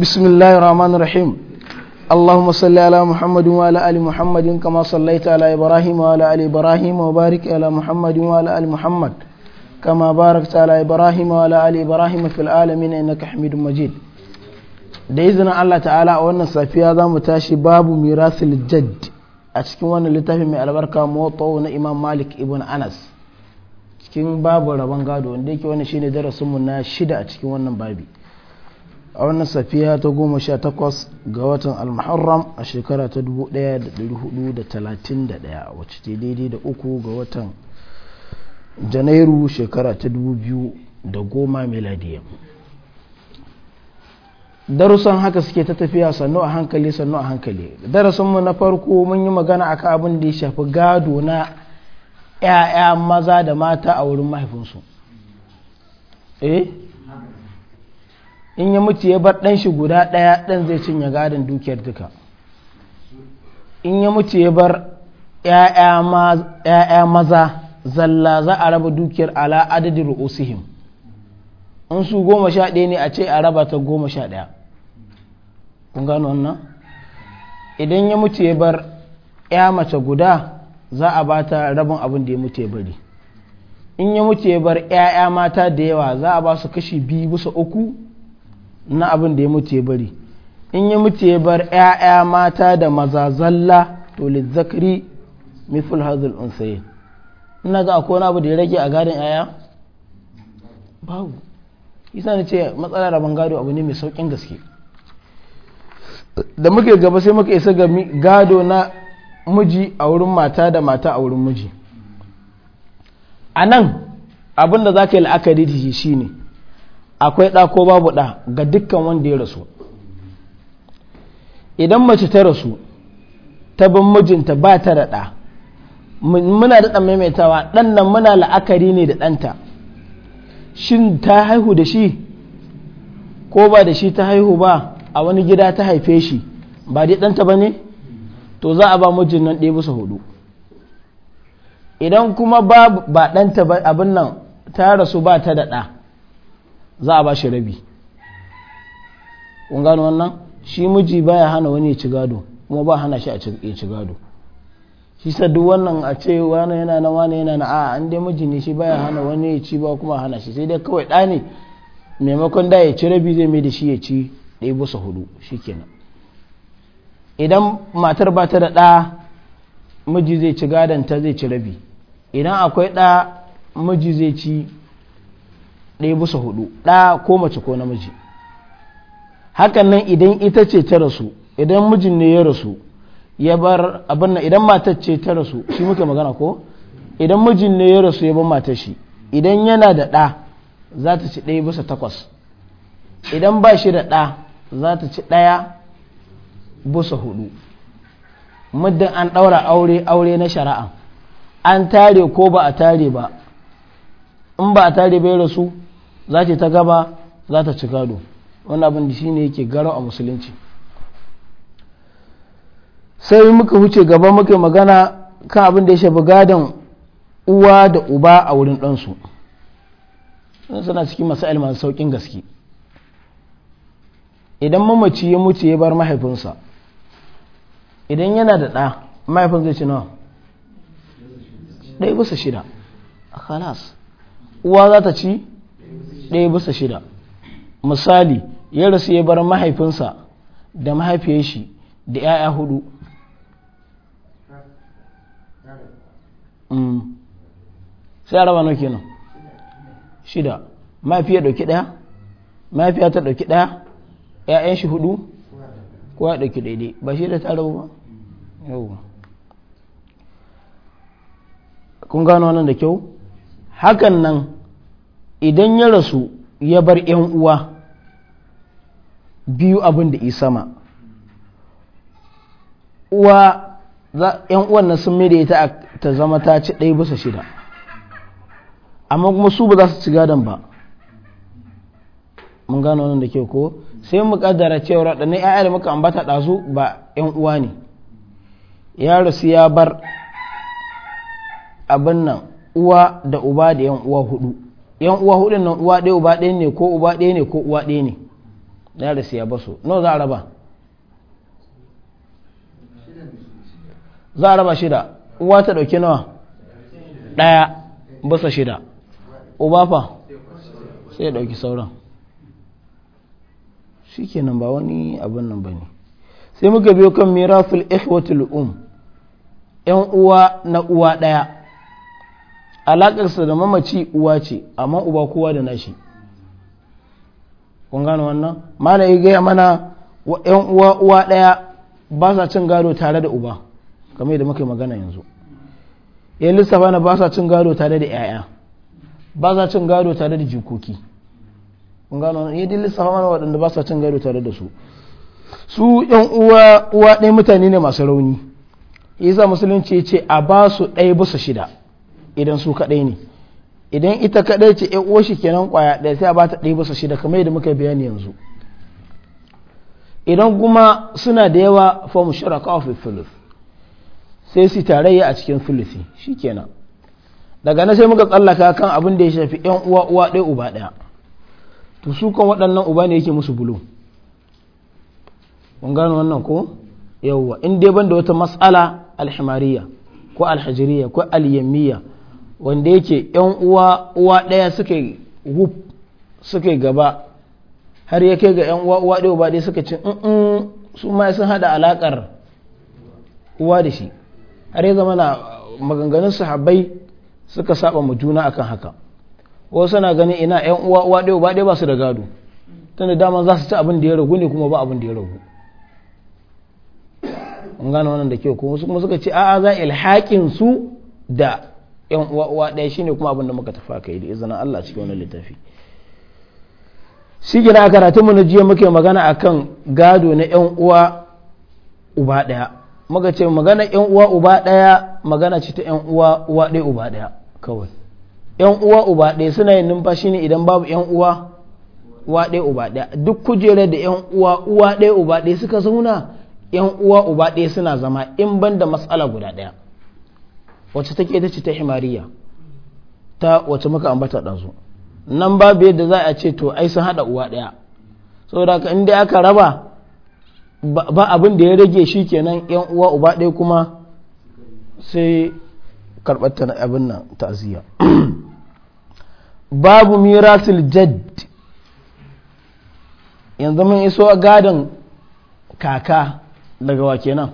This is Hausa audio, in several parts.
بسم الله الرحمن الرحيم اللهم صل على محمد وعلى ال محمد كما صليت على ابراهيم وعلى ال ابراهيم وبارك على محمد وعلى ال محمد كما باركت على ابراهيم وعلى ال ابراهيم في العالمين انك حميد مجيد da izinin Allah ta'ala a wannan safiya za mu tashi babu mirasul jadd a cikin wannan littafin mai albarka motsa na imam malik ibn anas cikin babu rabon gado wanda yake wani shine darasinmu na shida a cikin wannan babi a wannan safiya ta goma sha takwas ga watan almuharram a shekara ta 1431 wacce ta daidai da uku ga watan janairu shekara ta 2010 miladiya darussan haka suke ta tafiya sannu a hankali sannu a hankali darasinmu na farko mun yi magana akan abin da ya shafi gado na 'ya'ya maza da mata a wurin mahaifinsu eh in ya mutu ya bar ɗan shi guda ɗaya ɗan zai cinye gadin dukiyar duka in ya mutu ya bar ‘ya'ya maza zalla za a raba dukiyar ala adadin ru'usihim in su goma sha ɗaya ne a ce a raba ta goma sha ɗaya kun gano wannan idan ya mutu ya bar ‘ya mace guda za a ba ta rabin abin da ya mutu ya bari in ya mutu ya bar ‘ya'ya mata da yawa za a ba su kashi biyu bisa uku na abin da ya mutu ya bari in ya mutu ya bar 'ya'ya mata da maza zalla to zakari mithul hazul unsayin ina ga akwai wani abu da ya rage a gadon 'ya'ya babu isa na ce matsala rabon gado abu ne mai saukin gaske da muke gaba sai muka isa ga gado na miji a wurin mata da mata a wurin miji a nan abin da za ka yi la'akari da shi shine akwai ɗa ko babu ɗa ga dukkan wanda ya rasu idan mace ta rasu ta bin mijinta ba ta da ɗa muna da ɗan maimaitawa ɗan nan muna la'akari ne da ɗanta shin ta haihu da shi ko ba da shi ta haihu ba a wani gida ta haife shi ba dai ɗanta ba ne to za a ba mijin nan ɗaya bisa hudu idan kuma ba ɗanta abin nan ta rasu ba ta da ɗa za a ba shi rabi kun gano wannan shi miji baya hana wani ya ci gado kuma ba hana shi a ci gado shi sa duk wannan a ce wani yana na wani yana na a an dai miji ne shi baya hana wani ya ci ba kuma hana shi sai dai kawai ɗa ne maimakon da ya ci rabi zai mai da shi ya ci ɗaya busa hudu kenan idan matar ba ta da ɗa miji zai ci gadon ta zai ci rabi idan akwai ɗa miji zai ci ɗaya bisa hudu ɗa ko mace ko namiji hakan nan idan ita ce ta rasu idan mijin ne ya rasu ya bar abin nan idan matar ce ta rasu shi muke magana ko idan mijin ne ya rasu ya bar matar shi idan yana da ɗa za ta ci ɗaya bisa takwas idan ba shi da ɗa za ta ci ɗaya bisa hudu muddin an ɗaura aure aure na shari'a an tare ko ba a tare ba in ba a tare bai rasu za ta ta gaba za ta ci gado wannan abin da shi ne yake gara a musulunci sai muka wuce gaba muka magana kan abin da ya shafi gadon uwa da uba a wurin ɗansu suna cikin masu masu sauƙin gaske idan mamaci ya mutu ya bar mahaifinsa idan yana da ɗa mahaifin zai ci nawa ɗaya bisa shida a halas uwa za ta ci ɗaya bisa shida misali ya rasu ya bar mahaifinsa da mahaifiyar shi da 'ya'ya hudu mm. sai a raba nawa kenan shida mafiya dauki daya mafiya ta dauki daya 'ya'yan shi hudu ko ya dauki daidai ba shi da ta raba ba yau kun gano nan da kyau hakan nan idan ya rasu ya bar ‘yan uwa biyu abin da sama uwa ‘yan uwan na sun da ta zama ta ci ɗaya bisa shida amma kuma su ba za su ci gadon ba mun gano wannan da ke ko sai mu kaddara cewa na ‘ya'ya da muka ambata ɗazu ba ‘yan uwa ne ya rasu ya bar abin nan uwa da uba da ‘yan uwa hudu yan uwa hudun nan uwa ɗaya uba ɗaya ne ko uba ɗaya ne ko uwa ɗaya ne na da siya ba su nawa za a raba za a raba shida uwa ta ɗauki nawa ɗaya basa shida uba fa sai ya ɗauki sauran shi kenan ba wani abin nan ba ne sai muka biyo kan mirafil ikhwatul um yan uwa na uwa ɗaya alaƙarsa da mamaci uwa ce amma uba kowa da nashi kun gano wannan mana ya gaya mana yan uwa uwa ɗaya ba sa cin gado tare da uba kamar yadda muka yi magana yanzu yan lissafa na ba sa cin gado tare da 'ya'ya ba sa cin gado tare da jikoki kun gano wannan yadda lissafa mana waɗanda ba sa cin gado tare da su su yan uwa uwa ɗaya mutane ne masu rauni yasa musulunci ya ce a ba su ɗaya su shida idan su kaɗai ne idan ita kaɗai ce uwar shi kenan kwaya ɗaya sai a ba ta ɗaya bisa shida kamar yadda muka bayani yanzu idan kuma suna da yawa fa musharaka fi thuluth sai su tarayya a cikin shi kenan daga nan sai muka tsallaka kan abin da ya shafi yan uwa uwa ɗaya uba ɗaya to su kan waɗannan uba ne yake musu bulu kun gano wannan ko yawwa in dai ban da wata matsala alhimariya ko alhajiriya ko alyamiya wanda yake yan uwa uwa ɗaya suka yi wuf suka yi gaba har ya kai ga yan uwa uwa ɗaya ba dai suka ce mm, mm, su ma sun haɗa alaƙar uwa da shi har ya zama na maganganun sahabbai suka saba mu juna akan haka wasu suna ganin ina yan uwa uwa ɗaya ba ɗaya ba su da gado tunda dama za su ci abin da ya ragu ne kuma ba abin da ya ragu mun gane wannan da kyau kuma suka ce a'a za ilhaƙin su da yan uwa uwa ɗaya shine kuma abin da muka tafa kai da izinin Allah cikin wani littafi shi gina a karatun mu na jiya muke magana a kan gado na yan uwa uba ɗaya muka ce magana yan uwa uba ɗaya magana ce ta yan uwa uwa ɗaya uba ɗaya kawai yan uwa uba ɗaya suna yin numfashi ne idan babu yan uwa uwa ɗaya uba ɗaya duk kujerar da yan uwa uwa ɗaya uba ɗaya suka zauna yan uwa uba ɗaya suna zama in ban da matsala guda ɗaya wacce take ita ce ta himariya ta wacce muka ambata ɗazu nan babu yadda za a ce to ai sun haɗa uwa ɗaya saboda ka in dai aka raba ba abin da ya rage shi kenan yan uwa uba ɗaya kuma sai karɓar ta abin nan ta'aziyya babu mirasul jadd yanzu mun iso a gadon kaka daga wa kenan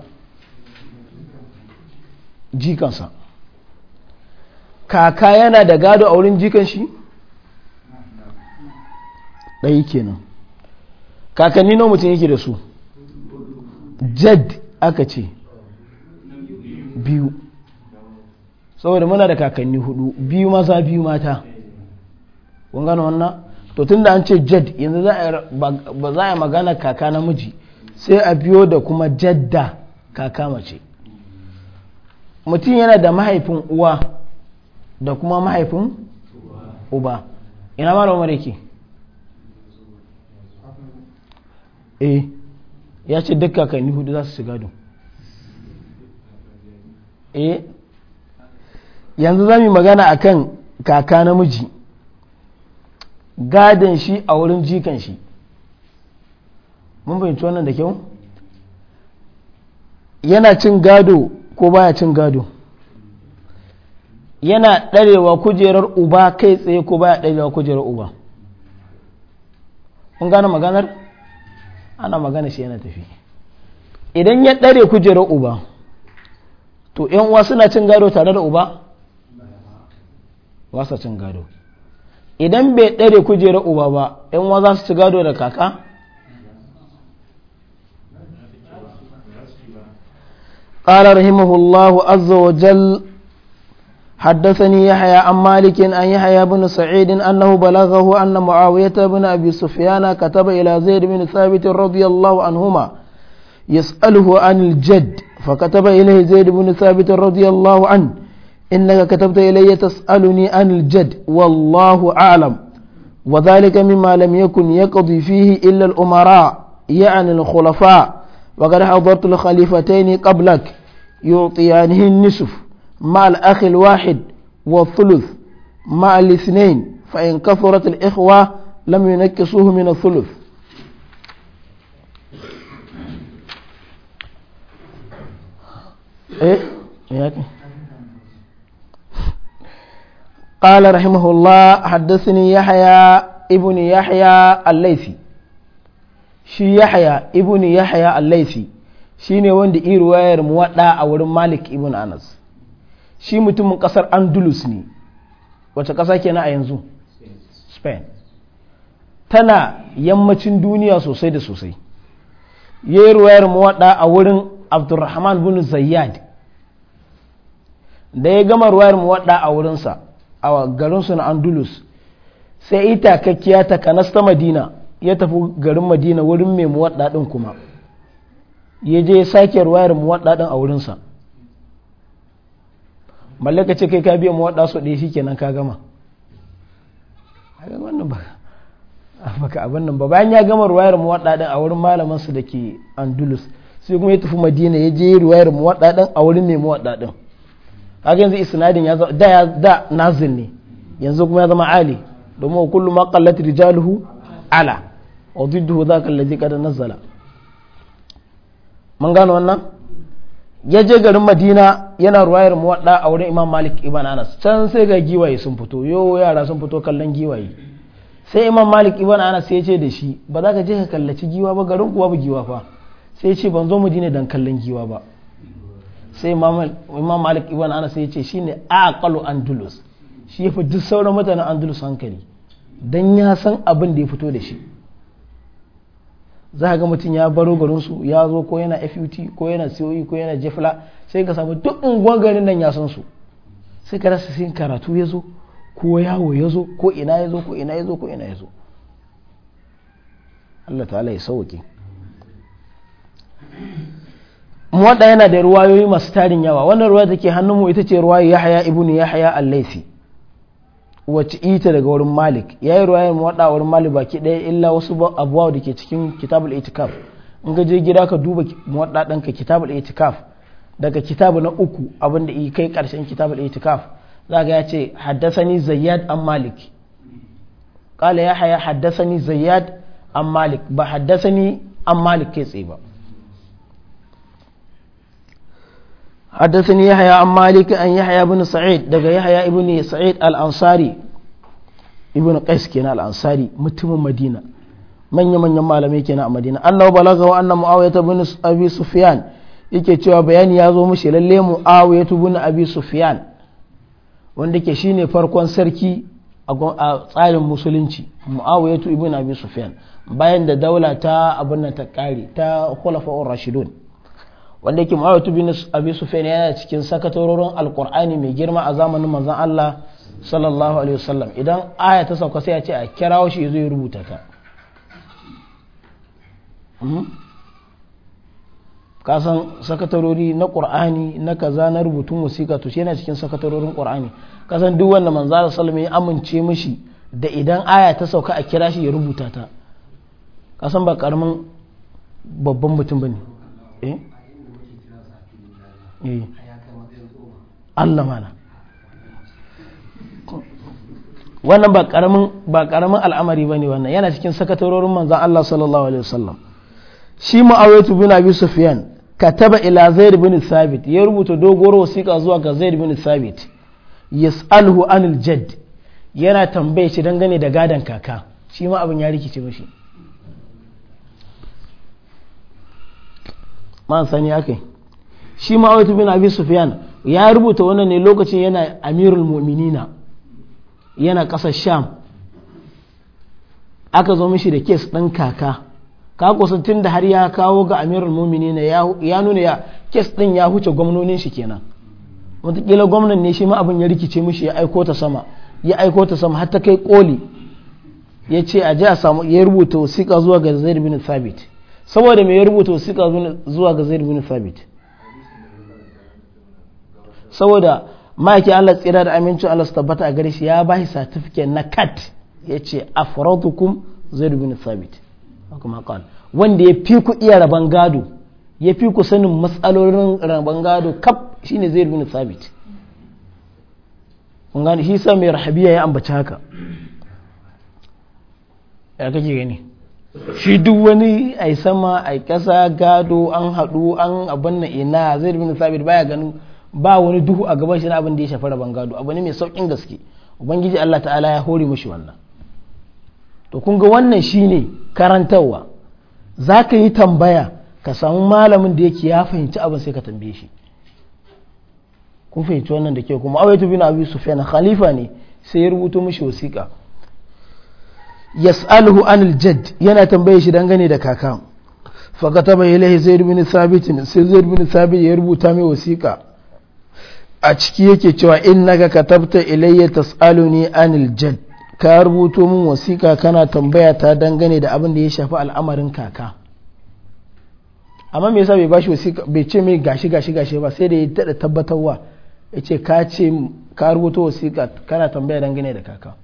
jikansa kaka yana da gado a wurin jikan shi ɗaya kenan kakanni nawa mutum yake da su jad aka ce biyu saboda muna da kakanni hudu biyu maza biyu mata kun gano wannan to tun da an ce jad yanzu ba za a magana kaka namiji sai a biyo da kuma jadda kaka mace mutum yana da mahaifin uwa da kuma mahaifin uba ina ma umar yake eh ya ce duk kakanni hudu za su shiga don eh yanzu za mu magana a kan kaka namiji gadon shi a wurin jikan shi mun fahimci wannan da kyau yana cin gado ko baya cin gado yana ɗarewa kujerar uba kai tsaye ko baya ɗarewa kujerar uba kun gane maganar ana magana shi yana tafi idan ya ɗare kujerar uba to yan uwa suna cin gado tare da uba wasa cin gado idan bai ɗare kujerar uba ba yan uwa za su ci gado da kaka قال رحمه الله عز وجل حدثني يحيى عن مالك أن يحيى بن سعيد أنه بلغه أن معاوية بن أبي سفيان كتب إلى زيد بن ثابت رضي الله عنهما يسأله عن الجد فكتب إليه زيد بن ثابت رضي الله عنه إنك كتبت إلي تسألني عن الجد والله أعلم وذلك مما لم يكن يقضي فيه إلا الأمراء يعني الخلفاء وقد حضرت الخليفتين قبلك يعطيانه النصف مع الأخ الواحد والثلث مع الاثنين فإن كثرت الإخوة لم ينكسوه من الثلث إيه؟ قال رحمه الله حدثني يحيى ابن يحيى الليثي شي يحيى ابن يحيى الليثي laisi shine wanda i ruwayar muwadda a wurin malik ibn shi mutumin kasar andalus ne wace kasa kenan a yanzu spain tana yammacin duniya sosai da sosai ya yi ruwayar muwaɗa a wurin abdurrahman bin zayyad da ya gama ruwayar muwaɗa a wurinsa a garinsu na andalus sai ita kakkiya ta kanasta madina ya tafi garin madina wurin mai muwaɗa ɗin kuma ya je sake ruwayar mawaɗa ɗin a wurinsa mallaka ce kai ka biya mu waɗa su ɗaya shikenan ka gama wannan ba baka abin nan ba bayan ya gama ruwayar mu ɗin a wurin malaman su ke Andulus sai kuma ya tafi Madina ya je ruwayar mu waɗa a wurin mai mu waɗa kaga yanzu isnadin ya da da nazil ne yanzu kuma ya zama ali domin kullu ma qallat rijaluhu ala wa didduhu dhaka alladhi qad nazala mun gano wannan ya je garin madina yana ruwayar muwadda a wurin imam malik ibn anas can sai ga giwaye sun fito yo yara sun fito kallon giwaye sai imam malik ibn anas ya ce da shi ba za ka je ka kallaci giwa ba garin kuwa ba giwa fa sai ce ban zo madina dan kallon giwa ba sai imam malik ibn anas ya ce shine aqalu andalus shi ya fi duk sauran mutanen andalus hankali dan ya san abin da ya fito da shi za ga mutum ya baro su ya zo ko yana fut ko yana coe ko yana jefla sai ka samu duk unguwar garin nan ya san su sai ka rasa sin karatu ya zo ko yawo ya zo ko ina ya zo ko ina ya zo ko ina ya zo Allah ta'ala ya sauke yana da ruwayoyi masu tarin yawa wannan ruwa take hannunmu ita ce ruwayo yahaya ibnu yahaya al-laisi wacce ita daga wurin malik ya yi ruwayar muwaɗa wurin malik baki ɗaya illa wasu abuwa da ke cikin kitabul itikaf in ka je gida ka duba muwaɗa kitab kitabul itikaf daga kitabu na uku abinda da kai karshen kitabul itikaf za ga ya ce haddasani zayyad an malik ƙala ya haya haddasani zayyad an malik ba haddasani an malik kai tsaye ba حدثني يحيى عن مالك أن يحيى بن سعيد دقى يحيى ابن سعيد الأنصاري ابن قيس كنا الأنصاري متم مدينة من يمن يمال ميكنا مدينة أنه بلغه أن معاوية بن أبي سفيان yake cewa bayani ya zo mushi lalle mu'awiya ibn abi sufyan wanda ke shine farkon sarki a tsarin musulunci mu'awiya ibn abi sufyan bayan da daula ta abin ta kare ta khulafa'ur rashidun wanda yake mu'awiyatu bin abi sufyan yana cikin sakatarorin alqur'ani mai girma a zamanin manzon Allah sallallahu alaihi wasallam idan aya ta sauka sai ya ce a kirawo shi yazo ya rubuta ta hmm? ka sakatarori na ƙur'ani na kaza na rubutun wasiƙa to shi yana cikin sakatarorin qur'ani ka duk wanda manzon Allah ya amince mishi da idan aya ta sauka a kira shi ya rubuta ta ka san ba karamin babban mutum bane eh Mm. Allah mana wannan ba karamin ba ne wannan yana cikin sakatarorin manzan Allah sallallahu alaihi wasallam shi mu'awiyatu bin abi sufyan kataba ila zaid bin sabit ya rubuta doguwar wasiƙa zuwa ga zaid bin sabit yas'aluhu anil jadd yana tambaye shi dangane da gadon kaka shi ma abin ya rikice mishi man sani akai shi wata bin abi sufiyan ya rubuta wannan ne lokacin yana amirul mu'minina yana ƙasar sham aka zo mishi da kes ɗin kaka kako tun da har ya kawo ga amirul mu'minina ya nuna ya kes ɗin ya huce gwamnonin shi kenan wataƙila gwamnan ne shi ma abin ya rikice mishi ya aiko ta sama ya aiko ta sama har ta kai koli ya ce a ji samu ya rubuta wasiƙa zuwa ga zaid bin thabit saboda me ya rubuta wasiƙa zuwa ga zaid bin thabit saboda ma'aikin Allah tsira da amincin Allah su tabbata a gare shi ya bashi satifike na kat yace ce a bin zai rubin sabit wanda ya fi ku iya raban gado ya fi ku sanin matsalolin raban gado kaf shine zaid bin thabit kun gane shi sa mai rahabiya ya ambaci haka ya kake gani shi duk wani a sama a kasa gado an haɗu an abin na ina zai rubin sabit baya ganin ba wani duhu a gaban shi na abin da ya shafi rabon gado abu ne mai saukin gaske ubangiji Allah ta'ala ya hore mushi wannan to kun ga wannan shine karantarwa za ka yi tambaya ka samu malamin da yake ya fahimci abin sai ka tambaye shi kun fahimci wannan da ke kuma awaitu bin abi sufyan khalifa ne sai ya rubuto mushi wasiƙa yas'aluhu anil jadd yana tambaye shi dangane da kaka kataba ilaihi zaid bin thabit zaid bin thabit ya rubuta mai wasiƙa a ciki yake cewa in innaka katabta ilayya tas'aluni anil jadd ka rubuto min wasiƙa kana tambaya ta dangane da abin da ya shafi al'amarin kaka amma me yasa bai bashi wasiƙa bai ce mai gashi gashi gashi ba sai da ya dada tabbatarwa ya ce ka ce ka rubuto wasiƙa kana tambaya dangane da kaka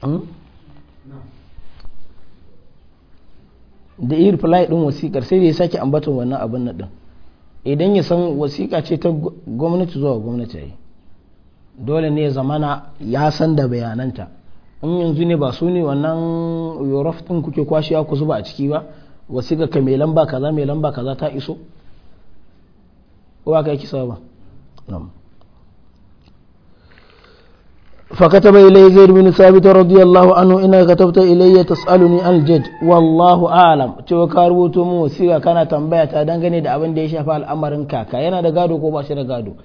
hmm? da iya reply din wasiƙar sai da ya sake ambaton wannan abin na din idan ya san wasiƙa ce ta gwamnati zuwa gwamnati yi dole ne zamana ya san da bayananta in yanzu ne ba su ne wannan yorof ɗin kuke kwashewa ku zuba a ciki ba wasiƙa ka mai lamba kaza mai lamba kaza ta iso ko aka yi kisa ba فكتب إليه زيد بن ثابت رضي الله عنه إنك كتبت إلي تسألني عن الجد والله أعلم cewa ka rubuto min wasiƙa kana tambaya ta dangane da abin da ya shafi al'amarin kaka yana da gado ko ba shi da gado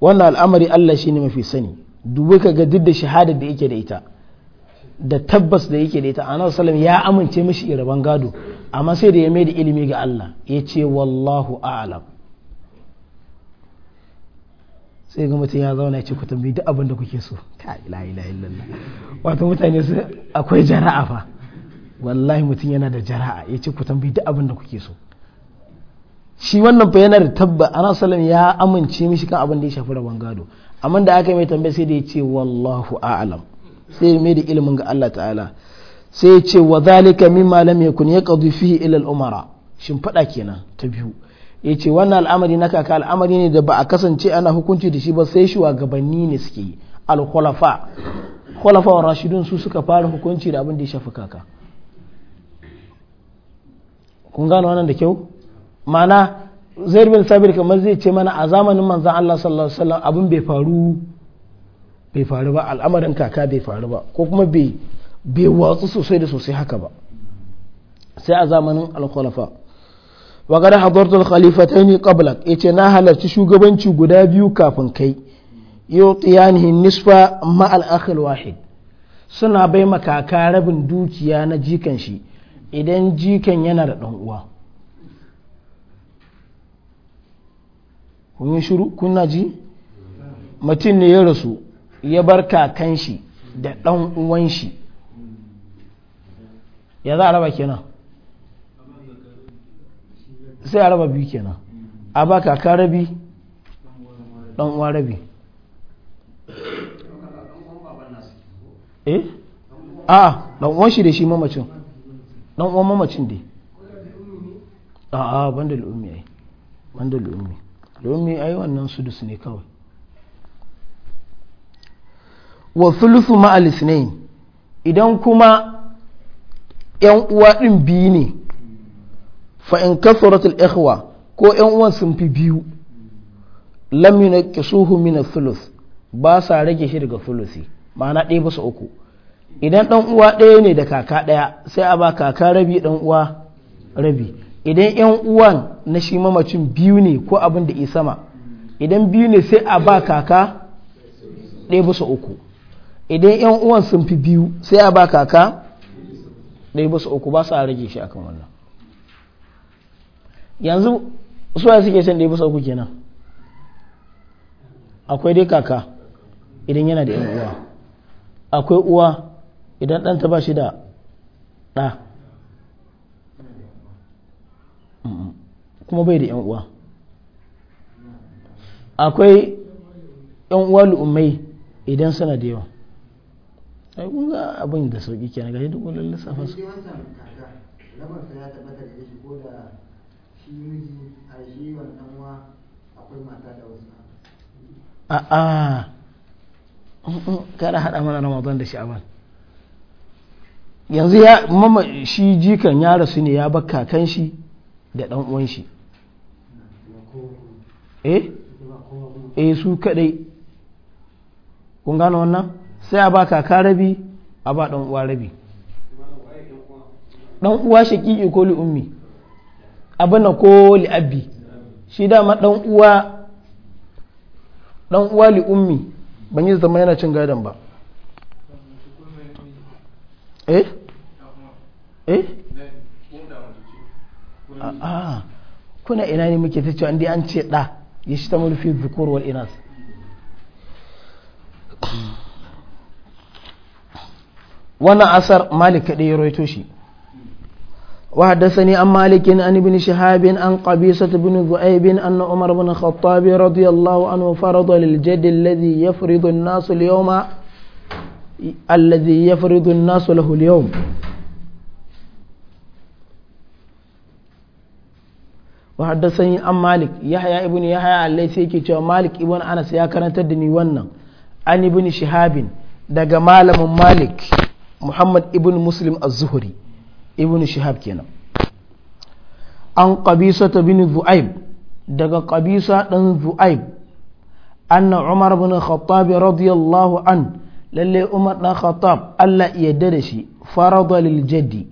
wannan al'amari Allah shine mafi sani dubi ka ga duk da shahada da yake da ita da tabbas da yake da ita annabi sallam ya amince mishi iraban gado amma sai da ya mai da ilimi ga Allah ya ce wallahu a'lam sai ga mutum ya zauna ya ce ku tambayi duk abin da kuke so ta ila ila lalla wato mutane su akwai jara'a fa wallahi mutum yana da jara'a ya ce ku tambayi duk abin da kuke so shi wannan fa yana da tabba ana salam ya amince mishi kan abin da ya shafi rabon gado amma da aka mai tambaya sai da ya ce wallahu a'lam sai mai da ilimin ga Allah ta'ala sai ya ce wa zalika mimma lam yakun yaqdi fihi ila al-umara shin fada kenan ta biyu ya ce wannan al'amari na kaka al'amari ne da ba a kasance ana hukunci da shi ba sai shugabanni ne suke al-khulafa khulafa wa rashidun su suka fara hukunci da abin da ya shafi kaka kun gano wannan da kyau mana zaid bin sabir kamar zai ce mana a zamanin manzon Allah sallallahu alaihi wasallam abin bai faru bai faru ba al'amarin kaka bai faru ba ko kuma bai watsu sosai da sosai haka ba sai a zamanin al wa qad hadartul al qablak yace na halarci shugabanci guda biyu kafin kai yutiyanihi nisfa ma al-akhil wahid suna bai makaka rabin dukiya na jikan shi idan jikan yana da dan uwa kun shiru kuna ji mutum ne ya rasu ya bar kakan shi da ɗan uwan shi ya za a raba kenan sai a raba biyu kenan a ba kaka rabi dan uwa rabi eh a dan uwan shi da shi mamacin dan uwan mamacin dai a a banda al'ummi ai banda al'ummi al'ummi ai wannan sudus ne kawai wa thuluthu ma'al ithnain idan kuma yan uwa din biyu ne fa in kasuratul ikhwa ko yan uwan sun fi biyu lam yunqisuhu min thuluth ba sa rage shi daga thuluthi ma'ana ɗaya su uku idan ɗan uwa ɗaya ne da kaka ɗaya sai a ba kaka rabi ɗan uwa rabi idan yan uwan na shi mamacin biyu ne ko abin da sama idan biyu ne sai a ba kaka ɗaya bisa uku idan yan uwan sun fi biyu sai a ba kaka ɗaya bisa uku ba sa rage shi akan wannan yanzu su waye suke shan ɗaya bisa sauku kenan akwai dai kaka idan yana da yan uwa akwai uwa idan ɗanta ba shi da ɗa kuma bai da yan uwa akwai yan uwa lu'ummai idan suna da yawa ai kun ga abin da sauki kenan ga duk wani lissafa su kada haɗa mana ramadan da sha'aban yanzu ya mama shi jikan ya rasu ne ya bar kan shi da ɗan uwan shi eh eh su kadai kun gano wannan sai a ba kaka rabi a ba ɗan uwa rabi ɗan uwa shaƙiƙi ko li ummi abin ko li'abbi shi dama dan uwa li'ummi ban yi zama yana cin gadon ba eh eh a kuna ina ne muke ta cewa indai an ce da ya shi ta mulfi zukurwar inas wannan asar malik kaɗai ya roito shi وحدثني عن مالك عن ابن شهاب عن قبيصة بن ذؤيب أن عمر بن الخطاب رضي الله عنه فرض للجد الذي يفرض الناس اليوم الذي يفرض الناس له اليوم وحدثني عن مالك يحيى ابن يحيى الليثي كي مالك ابن أنس يا كانت الدنيا ونن عن ابن شهاب دقى مالك محمد ابن مسلم الزهري ibn shihab kenan an qabisa ta bin zu'aib daga qabisa dan zu'aib anna umar bin khattab radiyallahu an lalle umar dan khattab Allah ya da shi farada lil jaddi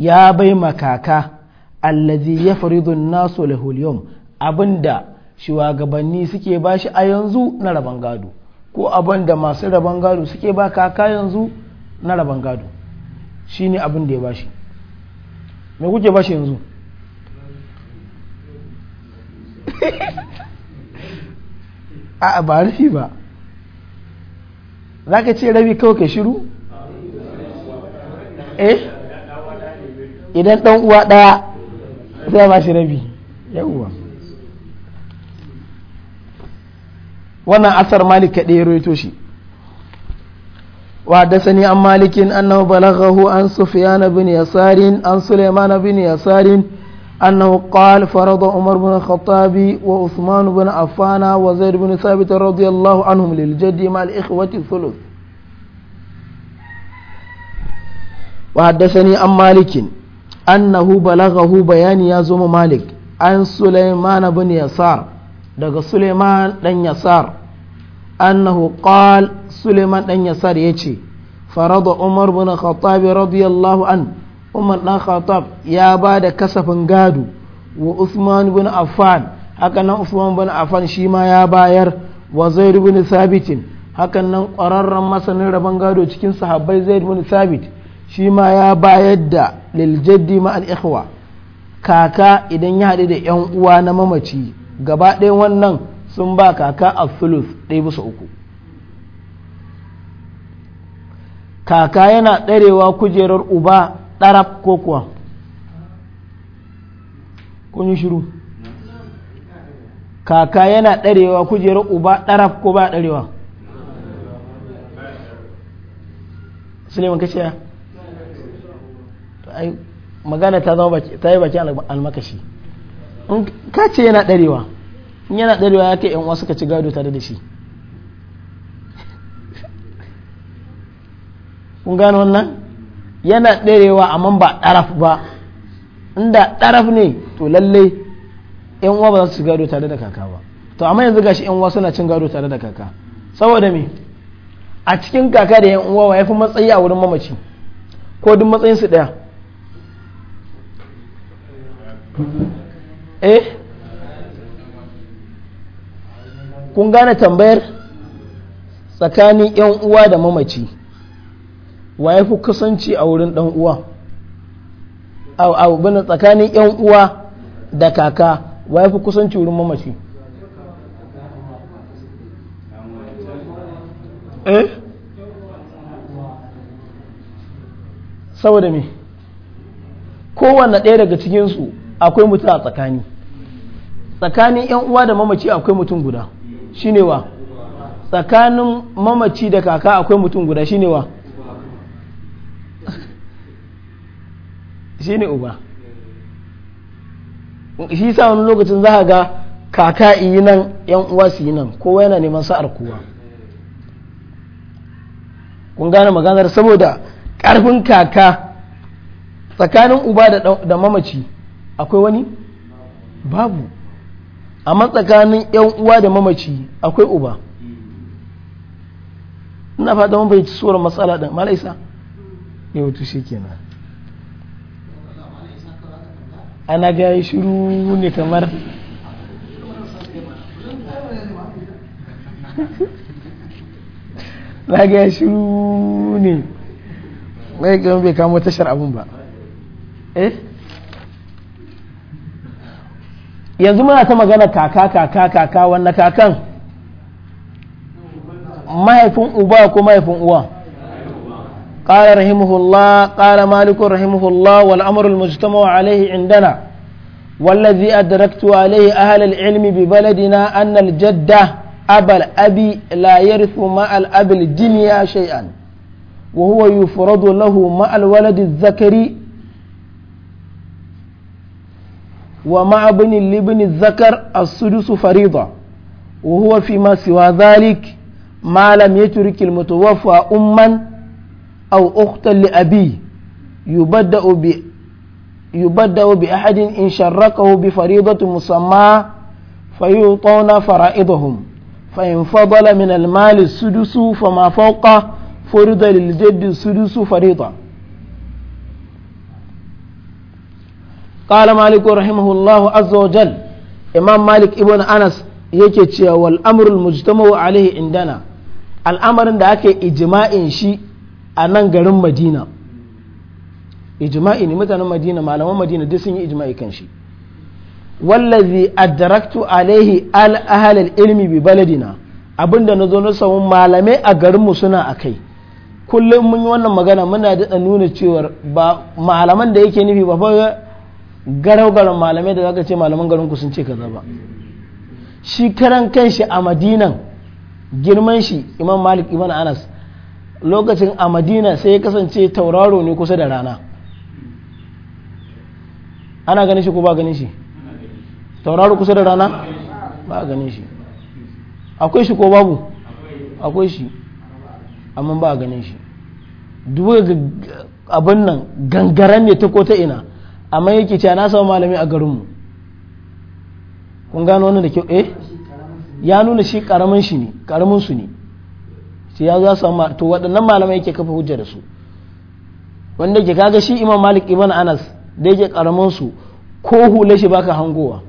ya bai makaka allazi yafridu an-nasu lahu al-yawm abinda shugabanni suke bashi a yanzu na raban gado ko abinda masu raban gado suke ba kaka yanzu na raban gado shi ne abin da ya bashi mai kuke bashi yanzu a ba rufi ba za ka ce rabi kawai ka shiru eh idan ɗan uwa ɗaya zai ba shi rabi yawwa wannan asar malika kaɗai ya roito shi وحدثني عن مالك أنه بلغه عن سفيان بن يسار عن سليمان بن يسار أنه قال فرض عمر بن الخطاب وعثمان بن عفان وزيد بن ثابت رضي الله عنهم للجد مع الإخوة الثلث وحدثني عن مالك أنه بلغه بيان يزوم مالك عن سليمان بن يسار دغ سليمان بن يسار annahu qal suleiman dan yasar yace farada umar bin khattab radiyallahu an umar dan khattab ya ba da kasafin gado wa usman bin affan haka nan usman bin affan shi ya bayar wa zaid bin hakan nan ƙwararren masanin rabon gado cikin sahabbai zaid bin thabit shi ya bayar da liljaddi ma al'ikhwa kaka idan ya haɗu da ‘yan uwa na mamaci gaba ɗaya wannan sun ba kaka a filus ɗaya bisa uku kaka yana ɗarewa kujerar uba ɗarab ko kuwa kun yi shiru kaka yana ɗarewa kujerar uba ɗarab ko ba ɗarewa suleiman kace ya magana ta zama ta yi baki almakashi in ka ce yana ɗarewa in yana ɗarewa ya kai 'yan uwa suka ci gado tare da shi kun gano wannan yana ɗarewa amma ba ɗaraf ba inda ɗaraf ne to lallai yan uwa ba za su ci gado tare da kaka ba to amma yanzu gashi yan uwa suna cin gado tare da kaka saboda me a cikin kaka da yan uwa wa fi matsayi a wurin mamaci ko duk matsayinsu ɗaya eh kun gane tambayar tsakanin yan uwa da mamaci wa ya fi kusanci a wurin dan uwa abin tsakanin yan uwa da kaka wa ya fi kusanci wurin mamaci eh saboda me kowanne ɗaya daga cikinsu akwai mutum a tsakani tsakanin yan uwa da mamaci akwai mutum guda shine wa tsakanin mamaci da kaka akwai mutum guda shine wa shine uba shi sa wani lokacin za ga kaka yi nan yan uwa su yi nan kowa yana neman sa'ar kowa kun gane maganar saboda karfin kaka tsakanin uba da mamaci akwai wani babu amma tsakanin yan uwa da mamaci akwai uba ina fata mun fahimci tsoron matsala din malaisa ya wuce shi kenan ana ga yi shiru ne kamar na ga yi shiru ne mai kamar bai kamo tashar abun ba eh yanzu muna ta magana kaka kaka kaka wannan kakan mahaifin uba ko mahaifin uwa قال رحمه الله قال مالك رحمه الله والأمر المجتمع عليه عندنا والذي أدركت عليه أهل العلم ببلدنا أن الجدة أبا الأبي لا يرث مع الأب الجنيا شيئا وهو يفرض له مع الولد الذكري ومع ابن لابن الذكر السدس فريضة وهو فيما سوى ذلك ما لم يترك المتوفى أما أو أختا لأبيه يبدأ ب يبدأ بأحد إن شركه بفريضة مسمى فيعطون فرائضهم فإن فضل من المال السدس فما فوقه فرض للجد السدس فريضة قال مالك رحمه الله عز وجل إمام مالك ابن أنس yake cewa wal amrul mujtama'u alaihi indana al'amarin da ake ijma'in shi a nan garin Madina ijma'i ne mutanen Madina malaman Madina duk sun yi ijma'i kan shi wallazi adraktu alaihi al ahlal ilmi bi baladina abinda na zo na samu malamai a garinmu suna akai kullum mun yi wannan magana muna daɗa nuna cewar ba malaman da yake nufi ba garau garau malamai da zaka ce malaman garinku sun ce kaza ba shi karan kanshi a madinan girman shi imam malik ibn anas lokacin a madina sai ya kasance tauraro ne kusa da rana ana ganin shi ko ba ganin shi tauraro kusa da rana ba ganin shi akwai shi ko babu akwai shi amma ba ganin shi duk abin nan gangaren ne ta ko ta ina amma yake cewa na samu malami a garinmu kun gano wannan da kyau eh ya nuna shi karamin shi ne karamin su ne shi ya za samu to waɗannan malamai yake kafa hujja da su wanda ke kaga shi imam malik ibn anas da yake karamin su ko hula shi baka hangowa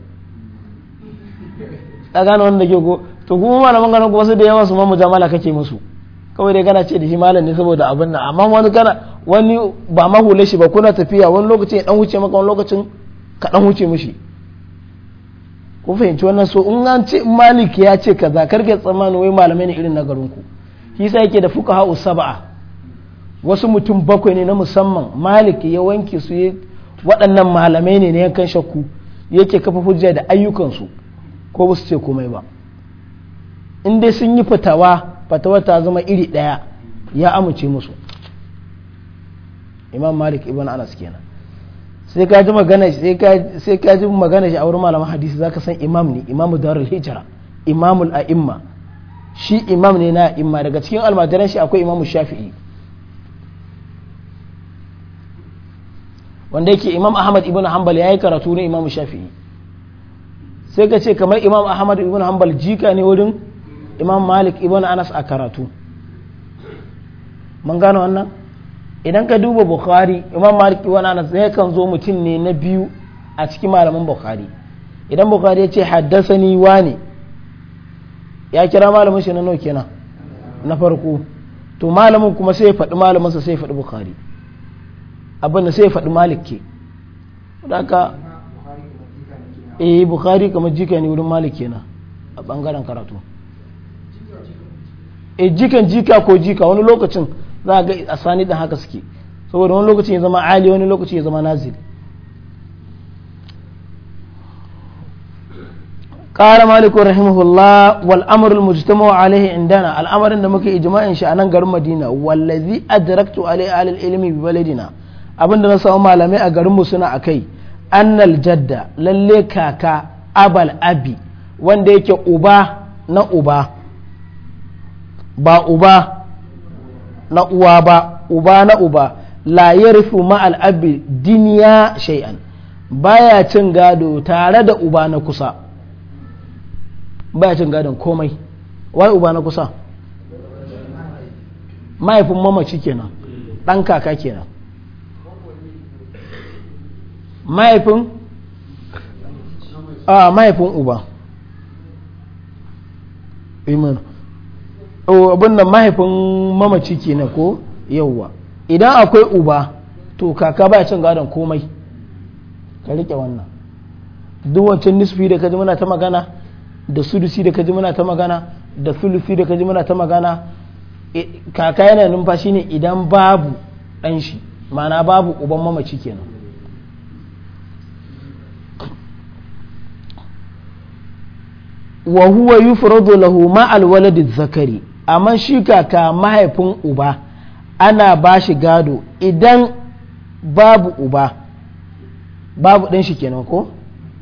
ka gano wanda ke go to kuma malaman ku wasu da yawa su ma mujamala kake musu kawai dai gana ce da shi malam ne saboda abin nan amma wani gana wani ba ma shi ba kuna tafiya wani lokacin ya dan huce maka wani lokacin ka dan huce mishi ko fahimci wannan so in an ce malik ya ce kaza karke tsammani wai malamai ne irin na garin ku shi yasa yake da fuka ha'u saba'a wasu mutum bakwai ne na musamman malik ya wanke su waɗannan malamai ne na yankan shakku yake kafa hujja da ayyukansu ko ba su ce komai ba in dai sun yi fitawa fatawar ta zama iri ɗaya ya amince musu imam malik ibn anas kenan sai ka ji magana sai ka ji magana shi a wurin malaman hadisi zaka san imam ne imam darul hijra imamul a'imma shi imam ne na imma daga cikin almajiran shi akwai imam shafi'i wanda yake imam ahmad ibn hanbal yayi karatu ne imam shafi'i sai ka ce kamar imam ahmad ibn hanbal jika ne wurin imam malik ibn anas a karatu mun gano wannan idan ka duba bukhari imam malik ibn anas ne kan zo mutum ne na biyu a cikin malaman bukhari idan bukhari ya ce haddasani wani ya kira malamin shi na nauke na na farko to malamin kuma sai ya faɗi malaminsa sai ya faɗi bukhari abin da sai ya faɗi malik ke haka eh bukhari kamar jika ne wurin malik kenan a ɓangaren karatu E, jikan jika ko jika wani lokacin za a ga a sani da haka suke saboda wani lokacin ya zama ali wani lokacin ya zama nazi ƙara malikun rahimahulla wal’amurin mujtama wa alihi indana al'amarin da muke ijima’in shi a nan garin madina wallazi a jiraktu a la’alil ilimi bi baladina abinda na samu malamai a mu suna a kai annal jadda lallai kaka abal abi wanda yake uba na uba ba uba na uwa ba uba na uba la yarifu ma'al abi duniya shay'an baya cin gado tare da uba na kusa baya cin gadon komai wai uba na kusa mahaifin mamaci kenan ɗan kaka kenan mahaifin a ah, mahaifin uba imanu Oh, abin nan mahaifin mamaci ke na ko yawwa idan akwai uba to kaka baya cin gadon komai ka rike wannan duk wancan nisfi da kaji muna ta magana da sudusi da kaji muna ta magana da sulusi da kaji muna ta magana e, kaka yana numfashi ne idan babu ɗan shi mana babu uban mamaci kenan wa huwa yufradu lahu ma al-waladi zakari amma shi kaka mahaifin uba ana ba shi gado idan babu uba babu ɗin shi kenan ko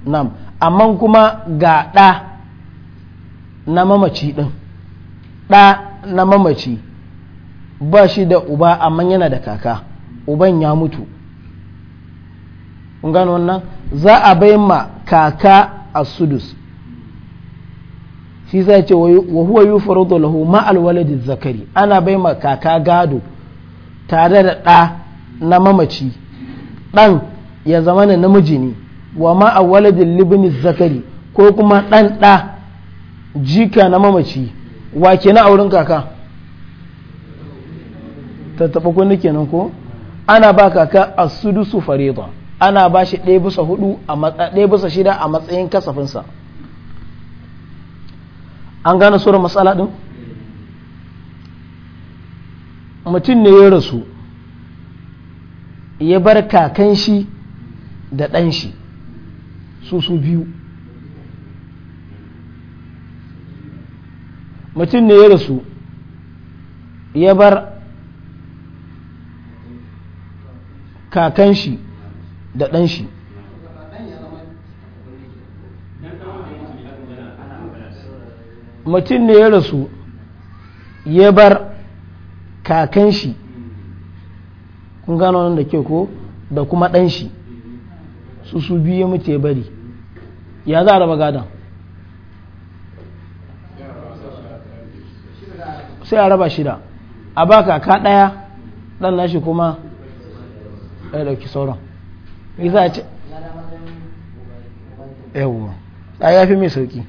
nam amma kuma ga ɗa na mamaci ɗin ɗa na mamaci ba shi da uba amma yana da kaka uban ya mutu gano wannan za a bai ma kaka a sudus shi zai ce wa huwa yufaradu lahu ma zakari ana bai ma kaka gado tare da ɗa na mamaci ɗan ya zama na namiji ne wa ma alwaladin libni zakari ko kuma ɗan ɗa jika na mamaci wa ke na auren kaka tattaɓa kunni kenan ko ana ba kaka a su farida ana ba shi ɗaya bisa hudu ɗaya bisa shida a matsayin kasafinsa an gane surar matsala ɗin mutum ne ya rasu ya bar kakan shi da ɗan shi su su biyu mutum ne ya rasu ya bar kakan shi da ɗan shi mutum ne ya rasu ya bar kakan shi kun gano nan da ke ko da kuma ɗan shi su su biyu ya mutu ya bari ya za a raba gadon sai a raba shida a ba kaka ɗaya ɗan nashi kuma ɗaya ɗauki sauran yi za a ce yawon ya fi mai sauki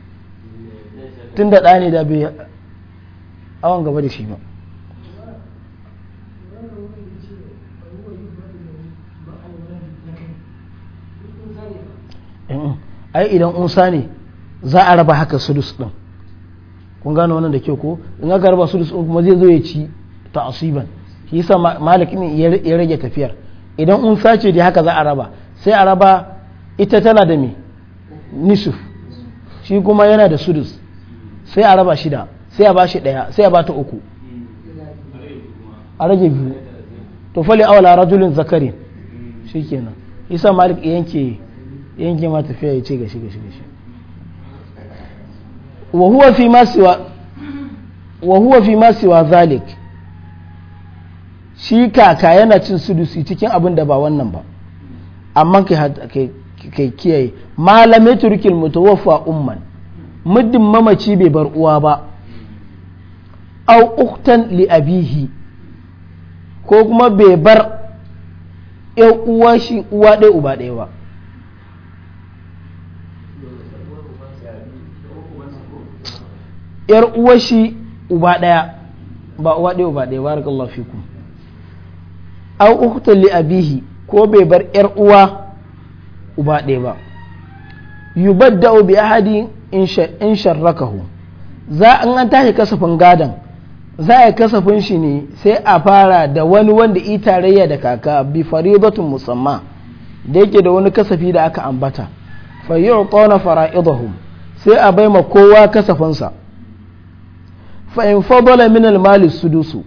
tun da ɗa ne da bai awon gaba da shi ba eh, ai idan unsa ne za a raba haka sudus din kun gano wannan da kyau ko in aka raba sudus din kuma zai zo ya ci ta asiban shi yasa malik ne ya rage tafiyar idan unsa ce da haka za a raba sai a raba ita tana da me nisuf shi kuma yana da sudus sai a raba shida sai a bashi daya sai a bata uku a rage biyu to fali awala rajulin zakari kenan isa malik yanke yanke ma tafiya ya ce gashi gashi gashi wa huwa fi ma siwa wa huwa fi ma siwa zalik shi kaka yana cin sudusi cikin abin da ba wannan ba amma kai kiyaye malamai turkin mutuwa umman muddin mamaci bai bar uwa ba au uktan li abihi ko kuma bai bar yan uwa shi uwa ɗaya uba ɗaya ba yar uwa shi uba ɗaya ba uwa ɗaya uba ɗaya barakallahu fikum au uktan li abihi ko bai bar yar uwa uba ɗaya ba yubadda'u bi ahadin in sharrakahu za an an tashi kasafin gadon za a kasafin shi ne sai a fara da wani wanda yi tarayya da kaka bi faridatun musamma da yake da wani kasafi da aka ambata fa yu'tana fara'idahum sai a bai ma kowa kasafinsa fa in minal min su sudusu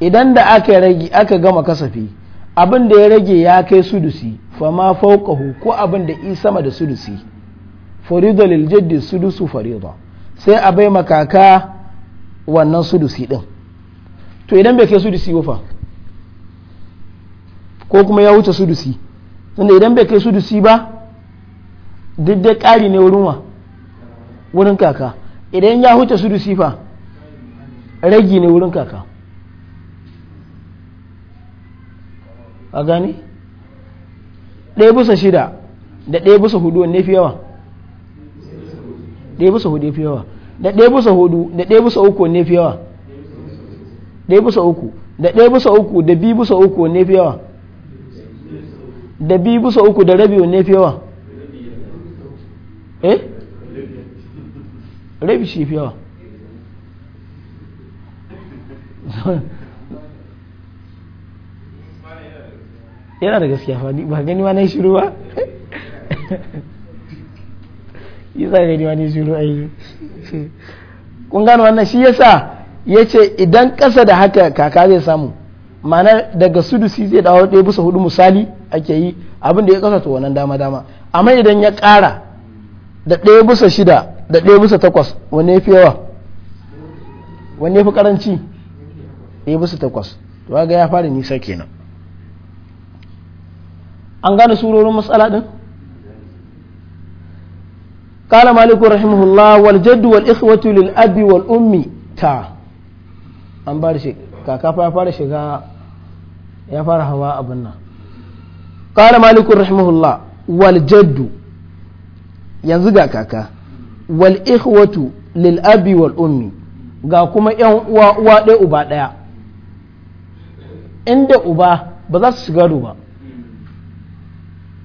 idan da aka rage aka gama kasafi abin da ya rage ya kai sudusi fa ma fauƙahu ko abin da yi sama da sudusi farida lil jaddi sudusu farida sai a bai makaka wannan sudusi din to idan bai kai sudusi ba fa ko kuma ya wuce sudusi tunda idan bai kai sudusi ba duk dai ƙari ne wurin wa wurin kaka idan ya huce sudusi fa ragi ne wurin kaka a gani ɗaya bisa shida da ɗaya bisa hudu wanne fi yawa ɗaya bisa hudu fi yawa da ɗaya bisa hudu da ɗaya bisa uku ne fi yawa ɗaya bisa uku da ɗaya bisa uku da bisa uku ne fi yawa da biyu bisa uku da rabi ne fi yawa eh rabi shi fi yawa yana da gaskiya fa ba gani ma na shiru ba yi za gani wani zuru aini kun gano wannan shi yasa ya ce idan ƙasa da haka kaka zai samu mana daga sudusi zai dawo ɗaya bisa hudu misali ake yi abin da ya ƙasa to wannan dama dama amma idan ya ƙara da ɗaya bisa shida da ɗaya bisa takwas wani ya fi yawa wani ya fi ƙaranci ɗaya bisa takwas to ga ya fara nisa kenan an gane surorin matsala ɗin قال مالك رحمه الله والجد والإخوة للأب والأم تا an ba da shi kakafa ya fara shiga ya fara hawa abin nan ƙara malikun rahimahullah wal jaddu yanzu ga kaka wal ikhwatu lil abi wal ummi ga kuma yan uwa uwa ɗaya uba ɗaya inda uba ba za su shiga ba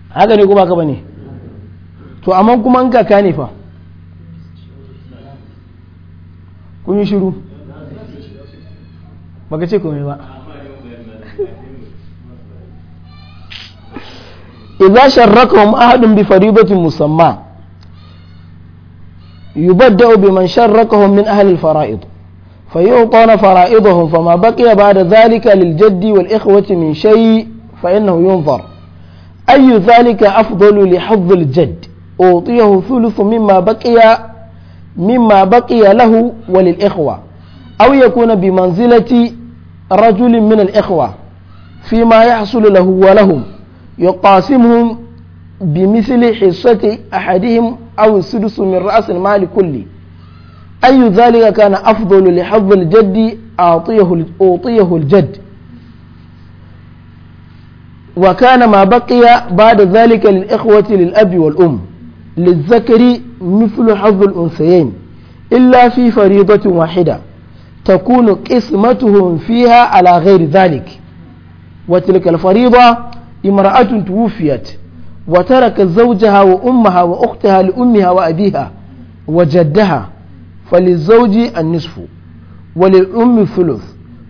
haka ne kuma ka bane to amma kuma an kaka ne fa kun yi shiru baka ce kome ba idza sharrakahum ahadun bi faridatin musamma yubadda'u biman sharrakahum min ahli al-fara'id فيعطون فرائضهم فما بقي بعد ذلك للجد والإخوة من شيء فإنه ينظر أي ذلك أفضل لحظ الجد أوطيه ثلث مما بقي مما بقي له وللإخوة أو يكون بمنزلة رجل من الإخوة فيما يحصل له ولهم يقاسمهم بمثل حصة أحدهم أو السدس من رأس المال كله أي ذلك كان أفضل لحظ الجد أعطيه, أعطيه الجد وكان ما بقي بعد ذلك للإخوة للأب والأم للذكر مثل حظ الأنثيين إلا في فريضة واحدة تكون قسمتهم فيها على غير ذلك وتلك الفريضة امرأة توفيت وترك زوجها وأمها وأختها لأمها وأبيها وجدها فللزوج النصف وللأم الثلث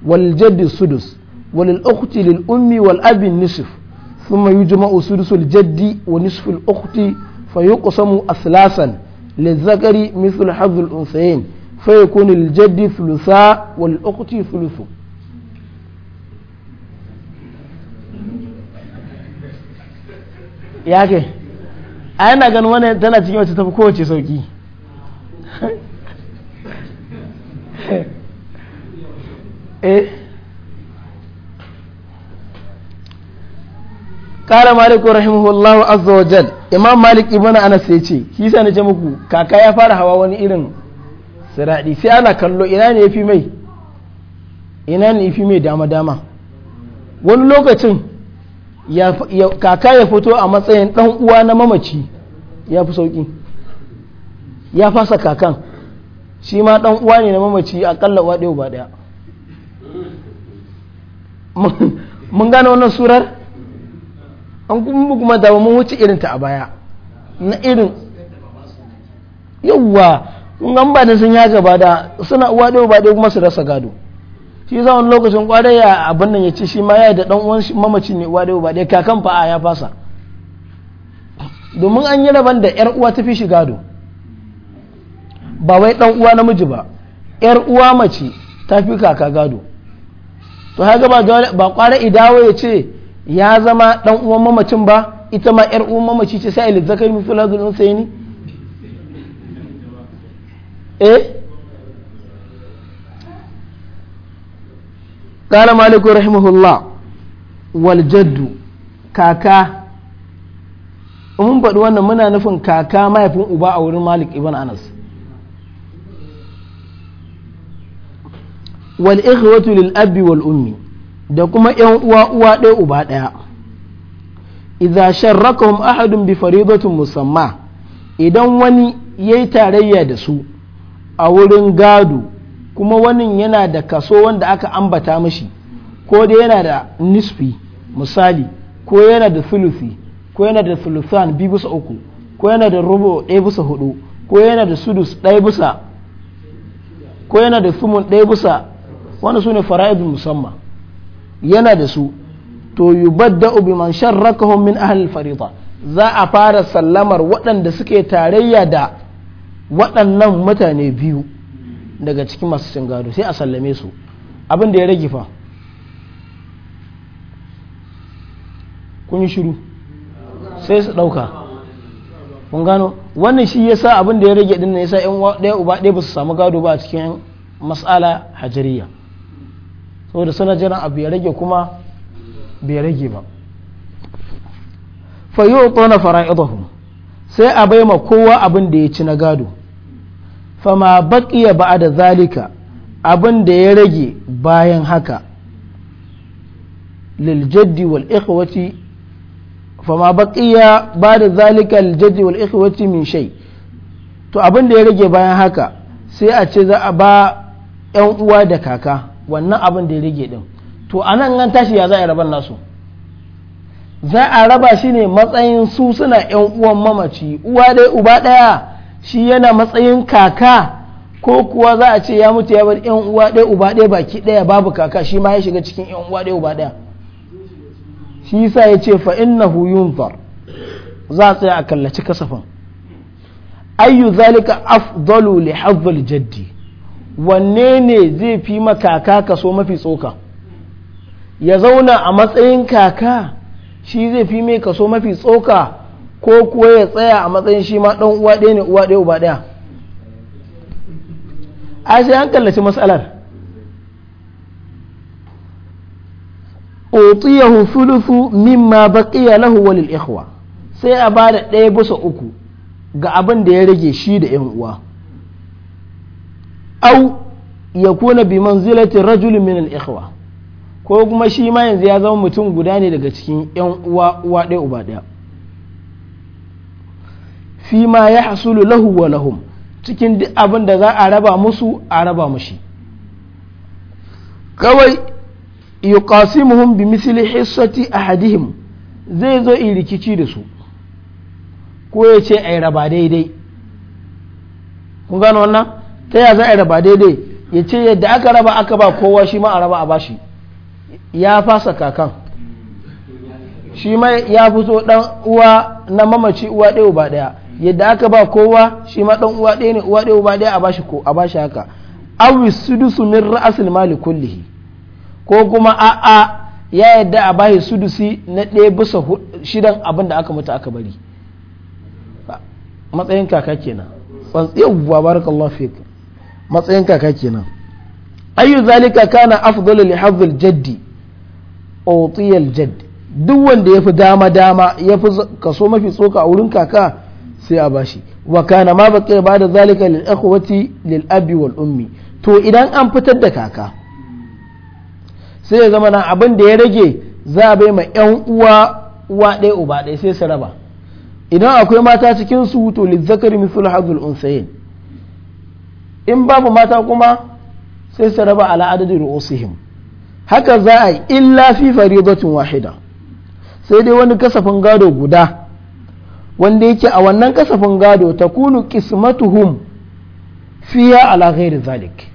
وللجد السدس وللأخت للأم والأب النصف ثم يجمع سدس الجد ونصف الأخت فيقسم أثلاثا للذكر مثل حظ الأنثيين فيكون الجد ثلثا والأخت ثلث يا ke a yana وانا wani tana cikin wacce tafi kowace sauki eh qala malik rahimahullahu azza wa jal imam malik ibn anas ya ce sai na ce muku kaka ya fara hawa wani irin siradi sai ana kallo ina ne yafi mai ina ne yafi mai dama dama wani lokacin kaka ya fito a matsayin dan uwa na mamaci ya fi sauki ya fasa kakan shi ma dan uwa ne na mamaci akalla uwa ɗaya ba ɗaya mun gane wannan surar an kuma kuma da mun wuce irin ta a baya na irin yawwa kun ba da sun ya gaba da suna uwa ɗaya ba ɗaya kuma su rasa gado shi za wani lokacin kwarai ya abin nan ya ce shi ma ya da ɗan uwan mamaci ne uwa ɗaya ba ɗaya kakan a ya fasa domin an yi raban da yar uwa ta fi shi gado ba wai ɗan uwa namiji ba yar uwa mace ta fi kaka gado to haka ba ba kwarai idawo ya ce ya zama dan uwan mamacin ba ita ma yar uwan mamaci ce sai ilil zakari mutu sai ni eh قال maliku rahimahullah wal والجد kaka mun faɗi wannan muna nufin kaka mahaifin uba a wurin malik ibn anas wal ikhwatu lil abi wal ummi da kuma ‘yan uwa uwa ɗaya uba ɗaya idza sharrakahum ahadun bi faridatin musamma idan wani ya yi tarayya da su a wurin gado kuma wani yana da kaso wanda aka ambata mashi ko dai yana da nisfi misali ko yana da thuluthi ko yana da thuluthan bi bisa uku ko yana da rubo ɗaya bisa hudu ko yana da sudus ɗaya bisa ko yana da sumun ɗaya bisa wani su ne fara'idun musamman yana da su to yi yubadda'u biman sharrakahum min ahli fariḍa za a fara sallamar waɗanda suke tarayya da waɗannan mutane biyu daga cikin masu cin gado sai a sallame su abin da ya rage fa kun yi shiru sai su ɗauka kun gano wannan shi yasa abin da ya rage ɗin ne yasa ɗaya uba ɗaya ba su samu gado ba a cikin mas'ala hajariya saboda suna jiran abu ya rage kuma bai rage ba fa fara fara'idahum sai a bai ma kowa abin da ya ci na gado fa ma baqiya ba'da zalika abin da ya rage bayan haka lil jaddi wal ikhwati fa ma baqiya ba'da zalika lil jaddi wal ikhwati min shay to abin da ya rage bayan haka sai a ce za a ba 'yan uwa da kaka wannan abin da ya rage din to anan an tashi ya za a rabar nasu za a raba shi ne matsayin su suna yan uwan mamaci uwa dai uba daya shi yana matsayin kaka ko kuwa za a ce ya mutu ya bar yan uwa dai uba ɗaya baki ɗaya babu kaka shi ma ya shiga cikin yan uwa dai uba daya shi yasa ya ce fa innahu yunzar za a tsaya a kallaci kasafin ayyu zalika afdalu li hadhal jaddi wanne ne zai fi ma kaka kaso mafi tsoka ya zauna a matsayin kaka shi zai fi mai kaso mafi tsoka ko kuwa ya tsaya a matsayin shi ma ɗan uwa ɗaya ne uwa ɗaya uba ɗaya a sai an kallaci matsalar utiyahu thuluthu mimma ma lahu walil ikhwa sai a ba da ɗaya bisa uku ga abin da ya rage shi da yan uwa au ya kuna bi manzilati rajulin min al-ikhwa ko kuma shi ma yanzu ya zama mutum guda ne daga cikin yan uwa uwa ɗaya uba ɗaya fi ma ya hasulu lahu wa lahum cikin duk abin da za a raba musu a raba mushi kawai yuqasimuhum bi misli hissati ahadihim zai zo in rikici da su ko ya ce ai raba daidai kun gano wannan ta ya za a raba daidai ya ce yadda aka raba aka ba kowa shi ma a raba a bashi ya fasa kakan shi ma ya fito dan uwa na mamaci uwa ɗaya uba ɗaya yadda aka ba kowa shi ma dan uwa ɗaya ne uwa ɗaya uba ɗaya a bashi ko a bashi haka awi sudusu min ra'asil mali kullihi ko kuma a'a ya yadda a bashi sudusi na ɗaya bisa shidan abin da aka mutu aka bari matsayin kaka kenan yawwa barakallahu fik matsayin kaka kenan ayu zalika kana afdalu li jadd uti al jadd duk wanda yafi dama dama yafi kaso mafi tsoka a wurin kaka sai a bashi wa kana ma baqiya ba'da zalika lil akhwati lil abi wal ummi to idan an fitar da kaka sai ya zama na abin da ya rage za a bai ma yan uwa uwa ɗaya uba ɗaya sai su raba idan akwai mata cikin su to lizzakari mithlu al unsayin in babu mata kuma sai su raba ala adadin ru'usihim haka za a yi illa fi faridatin wahida sai dai wani kasafin gado guda wanda yake a wannan kasafin gado ta kunu kismatuhum fiya ala ghairi zalik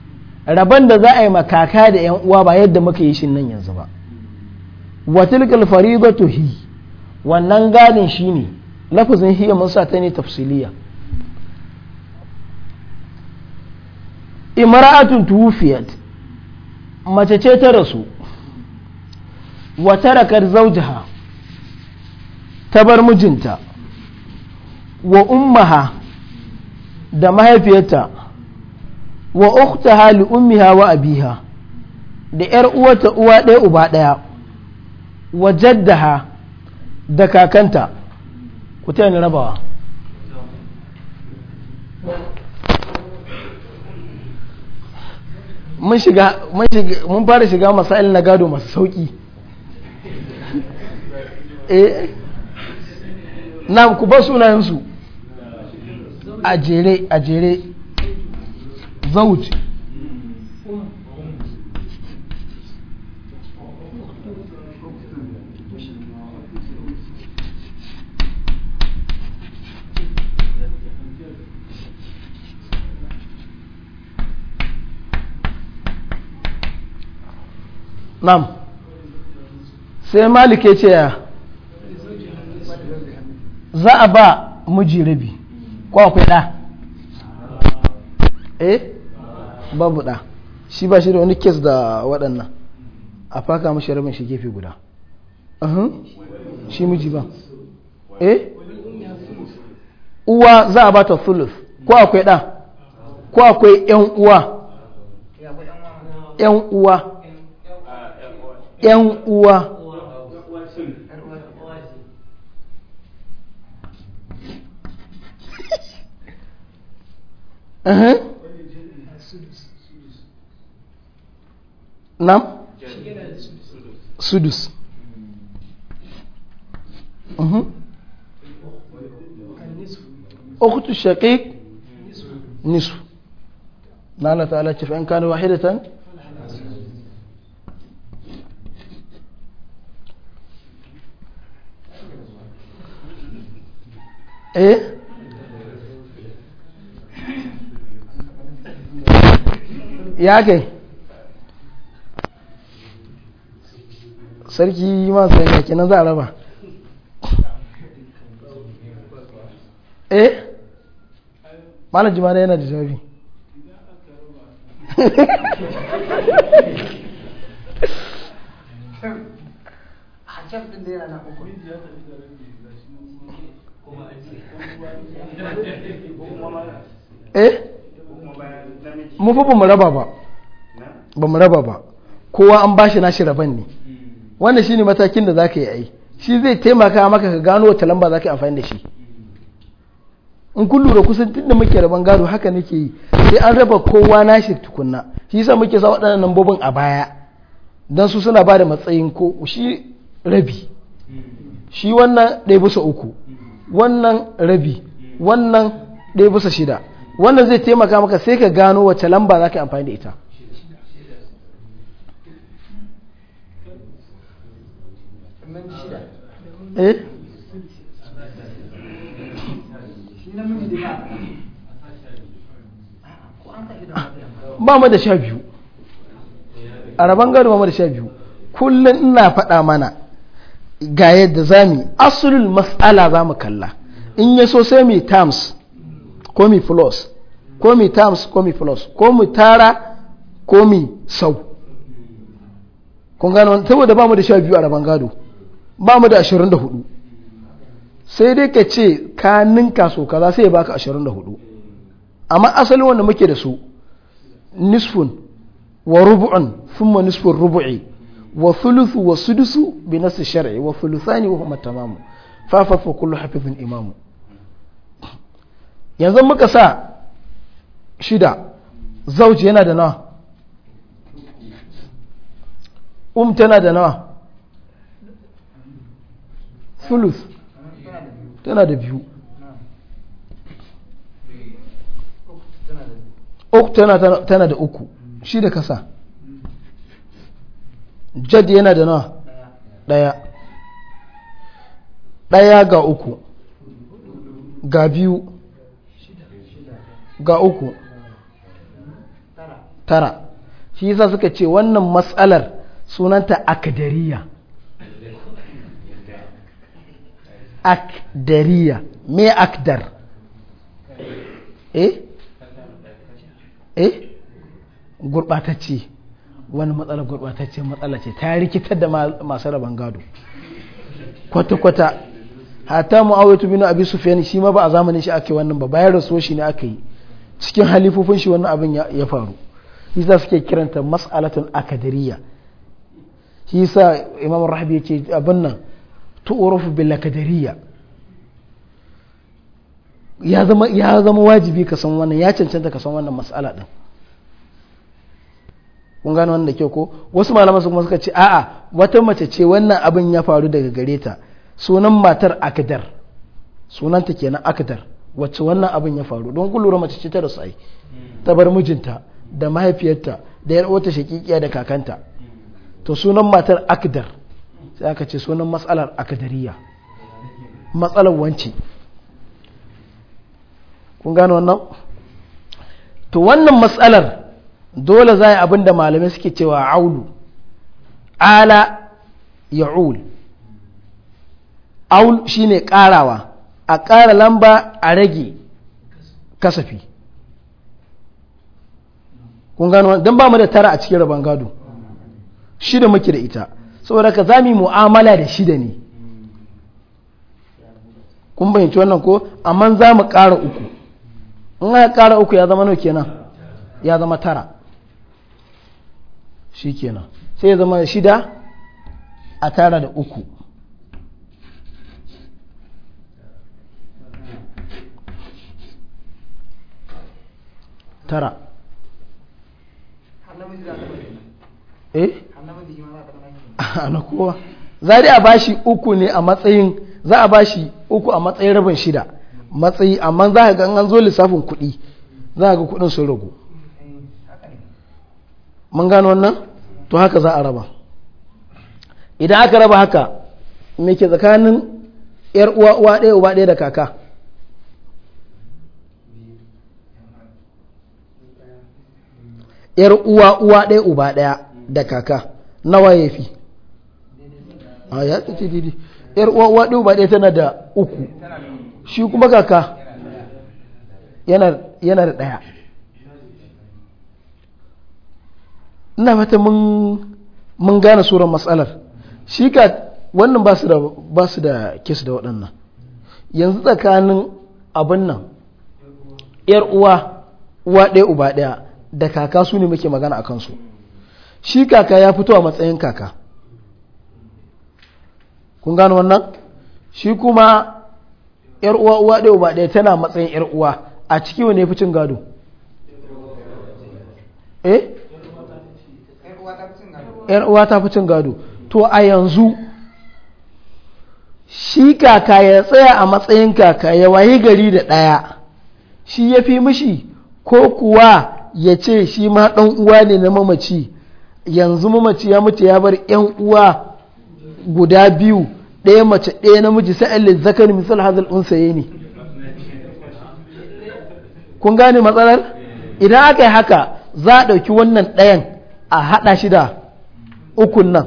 rabon da za a yi makaka da yan uwa ba yadda muka yi shi nan yanzu ba wa tilkal faridatu hi wannan gadin shine lafazin hiya mun sa ta ne tafsiliya imra'atun tuwufiyat mace ce ta rasu wa tarakar zaujaha ta bar mijinta wa ummaha da mahaifiyarta wa ukhtaha li ummiha wa abiha da ‘yar uwata uwa ɗaya uba ɗaya wa jaddaha da kakanta ku ta rabawa mun fara shiga masail na gado masu sauki eh, na ku ba sunayensu a jere a jere zauji nam sai malik ya ce ya za a ba miji rabi ko akwai da eh babu da shi ba shi da wani kes da waɗannan a faka mashi rabin shi gefe guda shi miji ba eh uwa za a ba ta thuluth ko akwai da ko akwai 'yan uwa 'yan uwa 'yan uwa nam sudus أخت الشقيق نصف نعم تعالى كيف أن كان واحدة eh ya kai sarki masu yanka kenan za a raba eh malam jimada yana da jawabi eh mu fa bamu raba ba bamu raba ba kowa an bashi nashi raban ne hmm. wannan shine matakin da zaka yi ai shi zai taimaka maka ka gano wata lamba zaka yi amfani da shi hmm. in kun lura kusan tunda muke raban gado haka nake yi sai an raba kowa nashi tukunna shi yasa muke sa waɗannan lambobin a baya dan su suna ba da matsayin ko shi rabi hmm. shi wannan ɗaya bisa uku wannan rabi wannan ɗaya bisa shida wannan zai taimaka maka sai ka gano wacce lamba za ka amfani da ita eh? ba mu da sha biyu a rabon gado ba mu da sha biyu kullum ina faɗa mana ga yadda za mu asulul mas'ala za mu kalla in ya so sai mu terms ko mu plus ko mu terms ko mu plus ko mu tara ko mu sau kun gano saboda ba mu da sha biyu a rabon gado ba mu da ashirin da hudu sai dai ka ce ka ninka so kaza sai ya baka ashirin da hudu amma asalin wanda muke da su nisfun wa rubu'un thumma nisfun rubu'i wa thuluthu wa sudusu bi nas shar'i wa thuluthani wa huma tamamu fa fa kullu hafizun imamu yanzu muka sa shida zauji yana da nawa um tana da nawa thuluth tana da biyu uku tana da uku shi da kasa jad yana da nawa ɗaya ɗaya ga uku ga biyu ga uku tara shi yasa suka ce wannan matsalar sunanta akdariya akdariya me akdar eh eh gurɓatacce wani matsala gurbatacce matsala ce ta rikitar da masu rabon gado kwata-kwata hatta binu bin abi sufyan shi ma ba a zamanin shi ake wannan ba bayan rasuwar shi ne aka yi cikin halifofin shi wannan abin ya faru yasa suke kiranta mas'alatul akadariya shi yasa imam rahabi ya ce abin nan tu'urufu bil akadariya ya zama wajibi ka san wannan ya cancanta ka san wannan mas'ala din kun gano wannan da kyau ko wasu malaman su kuma suka ce a'a wata mace ce wannan abin ya faru daga gare ta sunan matar akdar ta kenan akdar wacce wannan abin ya faru don kun lura mace ce ta rasu ai ta bar mijinta da mahaifiyarta da yar uwarta shakikiya da kakanta to sunan matar akdar sai aka ce sunan matsalar akdariya matsalar wance kun gano wannan to wannan matsalar dole za a abin da malamai suke cewa aulu ala ya'ul aul shine karawa a ƙara lamba a rage kasafi kun gano don ba mu da tara a cikin rabon gado shida muke da ita saboda ka za mu mu'amala da shida ne kun bayyanci wannan ko amma za mu ƙara uku in aka ƙara uku ya zama nau kenan ya zama tara shi kenan sai ya zama shida a tara da uku tara eh na kowa za a bashi uku ne a matsayin za a bashi uku a matsayin rabin shida matsayi amma za a ga an zo lissafin kuɗi za a ga kuɗin sun ragu mun gano wannan to haka za a raba idan aka raba haka me ke tsakanin yar uwa uwa ɗaya uba ɗaya da kaka yar uwa uwa ɗaya uba ɗaya da kaka nawa ya fi a ya ce didi yar uwa uwa ɗaya uba ɗaya tana da uku shi kuma kaka yana da ɗaya ina fata mun gane suran matsalar shi ka wannan ba su da kes da waɗannan yanzu tsakanin abin nan yar uwa uwa ɗaya uba ɗaya da kaka su ne muke magana a kansu shi kaka ya fito a matsayin kaka kun gano wannan shi kuma yar uwa uwa ɗaya uba ɗaya tana matsayin yar uwa a ciki ya fi cin gado eh 'yar uwa ta fi cin gado to a yanzu shi kaka ya tsaya a matsayin kaka ya wayi gari da ɗaya shi ya fi mishi ko kuwa ya ce shi ma ɗan uwa ne na mamaci yanzu mamaci ya mace ya bar 'yan uwa guda biyu ɗaya mace ɗaya namiji sa'an lizzakar misal hazal unsaye ne kun gane matsalar idan aka yi haka za a ɗauki wannan ɗayan a haɗa shi da ukun nan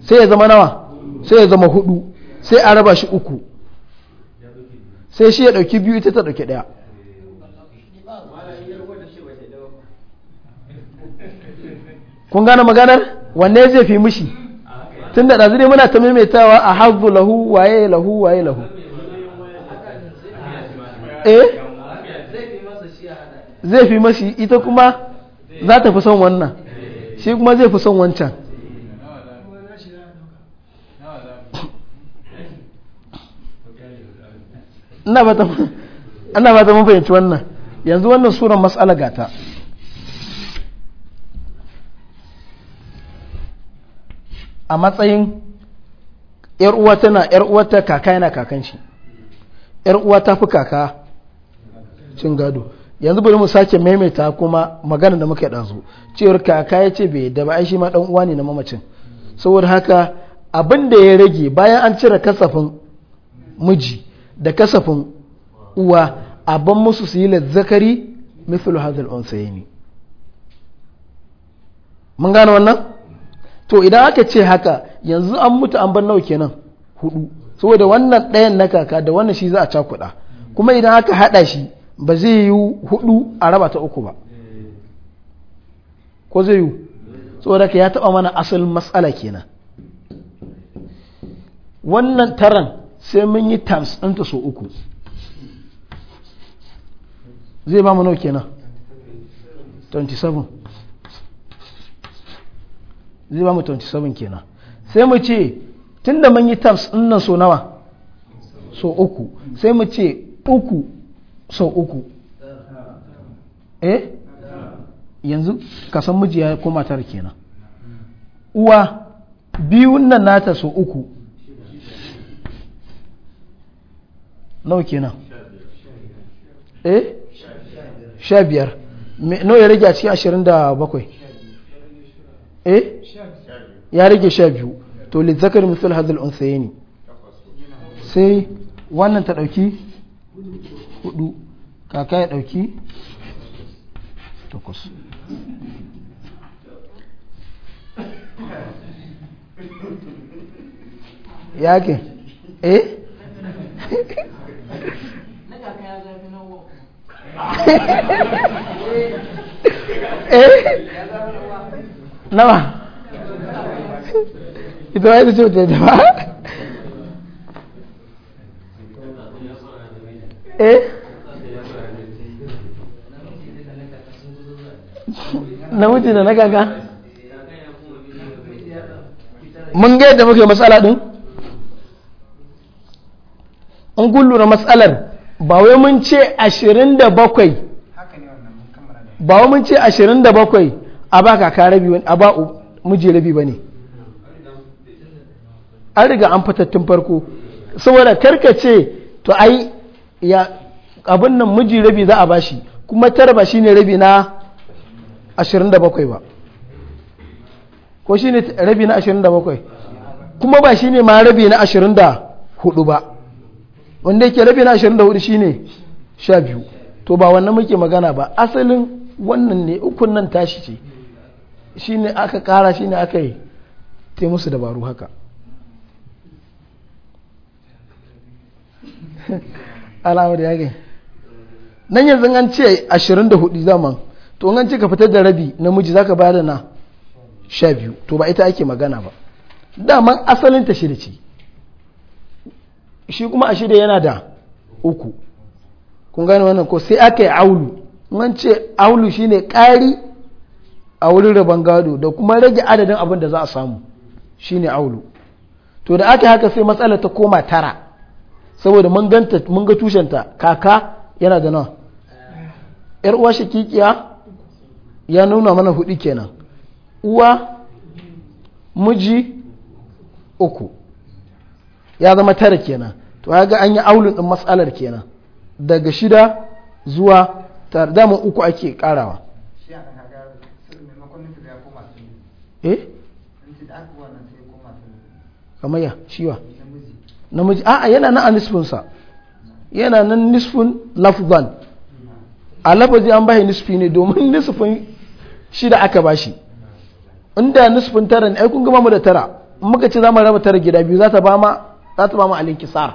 sai ya zama nawa sai ya zama hudu sai a raba shi uku sai shi ya dauki biyu ita ta dauki daya kun gane maganar wanne zai fi mushi? tun da ɗazu muna ta maimaitawa a hazu lahu waye lahu waye lahu eh zai fi mashi ita kuma za ta fi son wannan shi kuma zai fi son wancan ina ba ta mun fahimci wannan yanzu wannan suran matsala gata a matsayin yar uwa tana yar uwa ta kaka yana kakan shi yar uwa ta fi kaka cin gado yanzu bari mu sake maimaita kuma magana da muka ɗazu cewar kaka ya ce bai da ba shi ma ɗan uwa ne na mamacin saboda haka abin da ya rage bayan an cire kasafin miji da kasafin uwa a ban musu su yi zakari mithlu hadhal unsayni mun gane wannan to idan aka ce haka yanzu an mutu an ban nawa kenan hudu saboda wannan ɗayan na kaka da wannan shi za a cakuɗa kuma idan aka haɗa shi ba zai yi hudu a raba ta uku ba ko zai yi saboda ka ya taɓa mana asalin matsala kenan wannan taran sai mun yi times ɗinta so uku zai ba mu nau kenan 27 zai ba mu 27 kenan sai mu ce tun da mun yi times ɗinnan so nawa so uku sai mu ce uku so uku eh yanzu kasan miji ya koma tara kenan uwa biyun nan nata so uku nawa kenan eh sha biyar nawa ya rage a cikin ashirin da bakwai eh ya rage sha biyu to lizzakar misal hazal unsayeni sai wannan ta ɗauki hudu kaka ya ɗauki takwas ya ke eh nawa ita wai da ce ta ba eh namiji da na gaga mun ga yadda muke matsala din an gullura matsalar ba wai mun ce 27 ba wai mun ce 27 a ba kaka rabi a ba muje rabi ba ne an riga an fatattun farko saboda ce to ai ya abin nan miji rabi za a bashi kuma tara ba shine rabi na 27 ba ko shine rabi na 27 kuma ba shine ma rabi na 24 ba wanda yake rabi na 24 shine 12 to ba wannan muke magana ba asalin wannan ne ukun nan tashi ce shine aka kara shine aka yi ta musu dabaru haka alamar ya gai nan yanzu an ce 24 zaman to an ce ka fitar da rabi namiji zaka ka bada na 12 to ba ita ake magana ba daman asalin ta da ce shi kuma a shida yana da uku kun gane wannan ko sai aka yi aulu man ce aulu shine ƙari a wurin rabon gado da kuma rage adadin abin da za a samu Shi shine aulu to da aka haka sai matsala ta koma tara saboda mun ga tushenta kaka yana da nawa yar uwa shakikiya ya nuna mana hudu kenan uwa miji uku ya zama tara kenan to ya ga an yi aulun din matsalar kenan daga shida zuwa tare dama uku ake karawa eh kamar ya shiwa namiji a'a yana nan a nisfinsa yana nan nisfin lafzan a lafazi an bashi nisfi ne domin nisfin shida aka bashi inda nisfin tara ne ai kun gama mu da tara muka ce za mu raba tara gida biyu za ta ba ma za ta ba mu alinkisar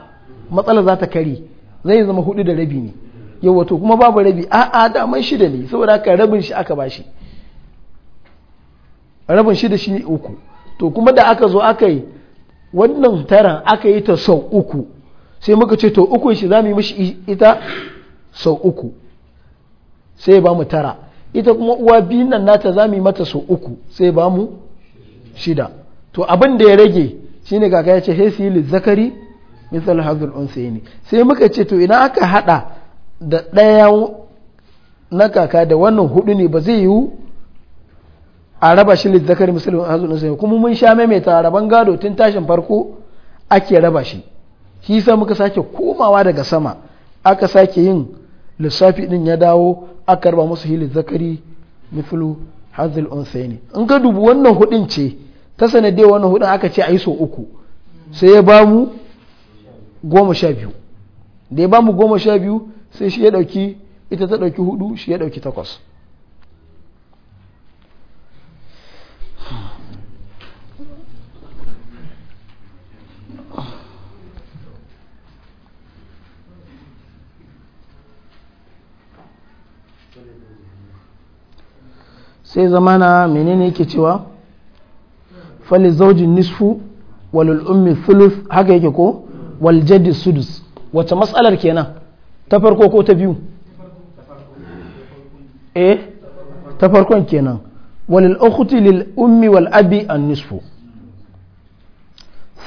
matsala za ta kari zai zama hudu da rabi ne yau wato kuma babu rabi a a daman shida ne saboda haka rabin shi aka bashi rabin shida shi ne uku to kuma da aka zo aka yi wannan taran aka yi ta sau uku sai muka ce to uku shi za mu yi mishi ita sau uku sai ba mu tara ita kuma uwa biyun nan nata za mu yi mata sau uku sai ba mu shida to abin da ya rage shine kaka ya ce hesi zakari misal hazul unsaini sai muka ce to ina aka hada da ɗaya na kaka da wannan hudu ne ba zai yiwu a raba shi zakari misal hazul unsaini kuma mun sha maimaita raban gado tun tashin farko ake raba shi shi sa muka sake komawa daga sama aka sake yin lissafi din ya dawo aka raba musu hilin zakari mithlu hazil unsaini in ka dubi wannan hudin ce ta sanadiyar wannan hudun aka ce a yi so uku sai ya ba mu goma sha biyu da ya ba mu goma sha biyu sai shi ya ɗauki ita ta ɗauki hudu shi ya ɗauki takwas sai zamana menene yake cewa fali zaujin nisfu walil ummi thuluth haka yake ko wal jaddi sudus wace matsalar kenan ta farko ko ta biyu eh ta farkon kenan walil ukhti lil ummi wal abi an nisfu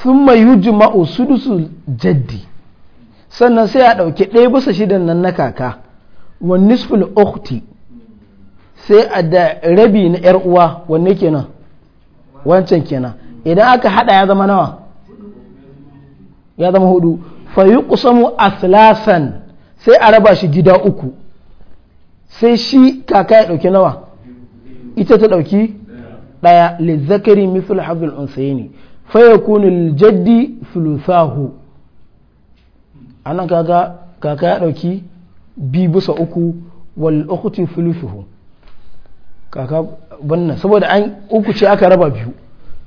thumma yujma'u sudusul jaddi sannan sai a ɗauki ɗaya bisa shidan nan na kaka wa nisful ukhti sai a da rabi na 'yar uwa wanne kenan wancan kenan idan aka hada ya zama nawa ya zama hudu fa yuqsamu aslasan sai a raba shi gida uku sai shi kaka ya dauki nawa ita ta dauki daya lizakari mithlu hadhil unsayni fa yakunu aljaddi thuluthahu anan kaga kaka ya dauki bi busa uku wal ukhti thuluthuhu kaka abin saboda an uku ce aka raba biyu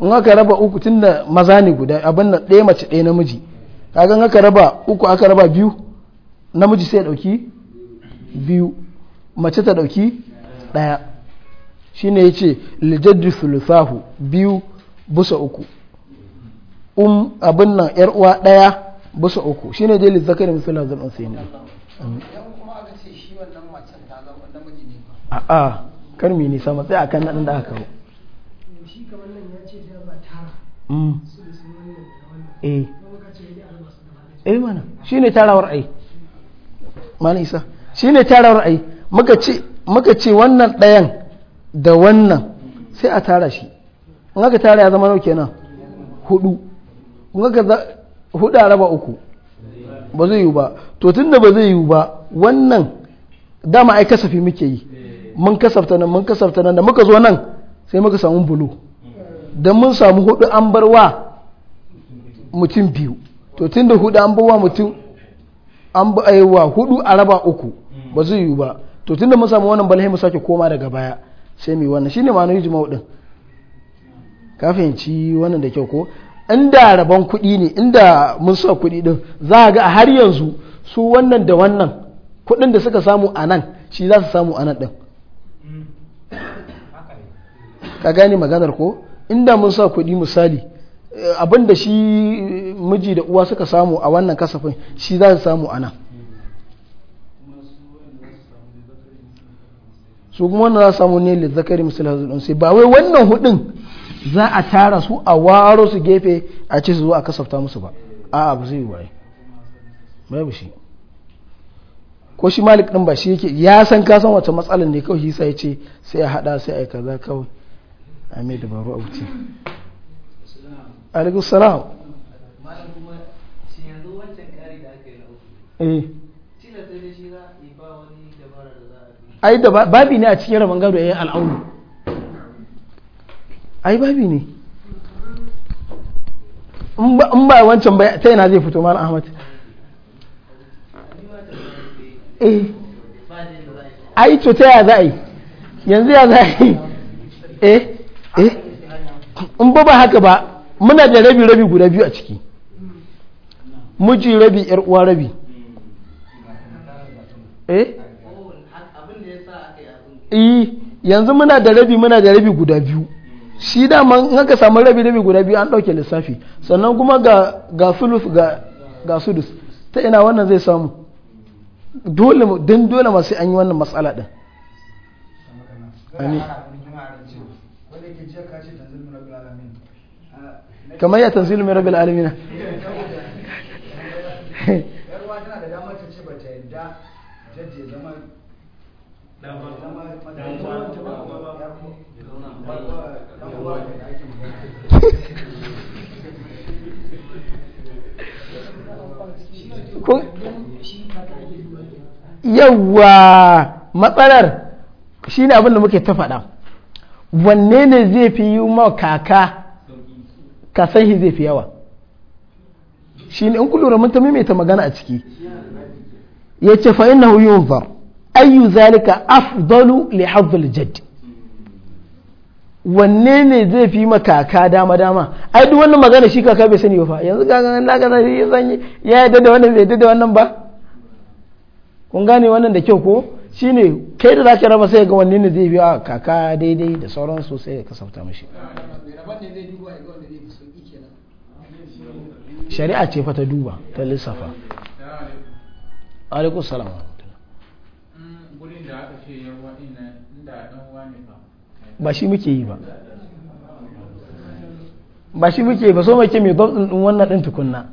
in aka raba uku tun da maza ne guda abin nan ɗaya mace ɗaya namiji kaga aka raba uku aka raba biyu namiji sai ɗauki biyu mace ta ɗauki ɗaya shine ya ce lijaddu sulusahu biyu busa uku um abin nan yar uwa ɗaya busa uku shine dai lizzakari misalin zan sai ne a'a kar ne nisa matsayi a kan naɗin da aka kawo mm. eh. eh mana shi ne tarawar ai mana isa shi ne tarawar ai muka ce wannan ɗayan da wannan sai a tara shi in aka tara ya zama nau kenan hudu in aka hudu a raba uku ba zai yiwu ba to da ba zai yiwu ba wannan dama ai kasafi muke yi mun kasafta nan mun kasafta nan da muka zo nan sai muka samu bulu don mun samu hudu an bar wa mutum biyu to tun da hudu an bar wa mutum an wa hudu a raba uku ba zai yiwu ba to tun da mun samu wannan balhe mu sake koma daga baya sai mu yi wannan shine ma'anar jima'u din ka fahimci wannan da kyau ko inda rabon kuɗi ne inda mun sa kuɗi din za a ga har yanzu su wannan da wannan kuɗin da suka samu a nan shi za su samu a nan ɗin ka gane maganar ko inda mun sa kuɗi misali eh, abin da shi eh, miji da uwa suka samu a wannan kasafin shi za su samu a nan su kuma wannan za su samu ne lizzakari misali sai ba wai wannan hudun za a tara su a waro su gefe a ce su zo a kasafta musu ba a abu zai yi babu shi ko shi malik din ba shi yake ya san kasan wata matsalar ne kawai shi sai ya ce sai a hada sai a yi kaza kawai a da dabaru a wuce alaikun salam ai da babi ne a cikin rabon gado ya eh, yi al'aunu ai babi ne in ba wancan ta yana zai fito mal ahmad eh ai to ta ya za a yi yanzu ya za a yi eh eh in ba ba haka ba muna da rabi rabi guda biyu a ciki muji rabi yar uwa rabi eh? eh yanzu muna da rabi muna da rabi guda biyu shi man in ka samu rabi rabi guda biyu an ɗauke lissafi sannan kuma ga ga fuluf ga ga sudus ta ina wannan zai samu dole don dole masu an yi wannan matsala din kamar ya tanzilu mai rabin alamin yawwa matsalar shi ne abinda muke ta faɗa wanne ne zai fi yi ma kaka ka san shi zai fi yawa shi ne in ku lura mun ta maimaita magana a ciki ya ce fa innahu yunzar ayyu zalika afdalu li hadhil jadd wanne ne zai fi ma kaka dama dama ai duk wannan magana shi kaka bai sani ba fa yanzu ga ganin da yi. ya yadda da wannan bai yadda da wannan ba kun gane wannan da kyau ko shi ne kai da ka raba sai ga wanne ne zai biya kaka daidai da sauran su sai ka sauta shari'a ce fa ta duba ta lissafa alaikun salama ba shi muke yi ba ba shi muke ba so mai ke mai gwamnatin wannan din tukunna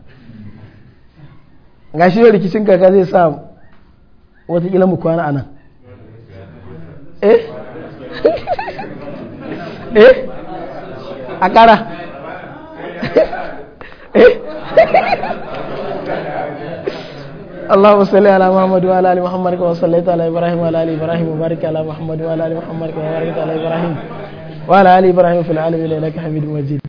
shi da rikicin kaka zai sa watakila mu kwana a nan eh eh a kara eh اللهم صل على محمد وعلى ال محمد كما صليت على ابراهيم وعلى ال ابراهيم وبارك على محمد وعلى ال محمد كما باركت على ابراهيم وعلى ال ابراهيم في العالمين انك حميد مجيد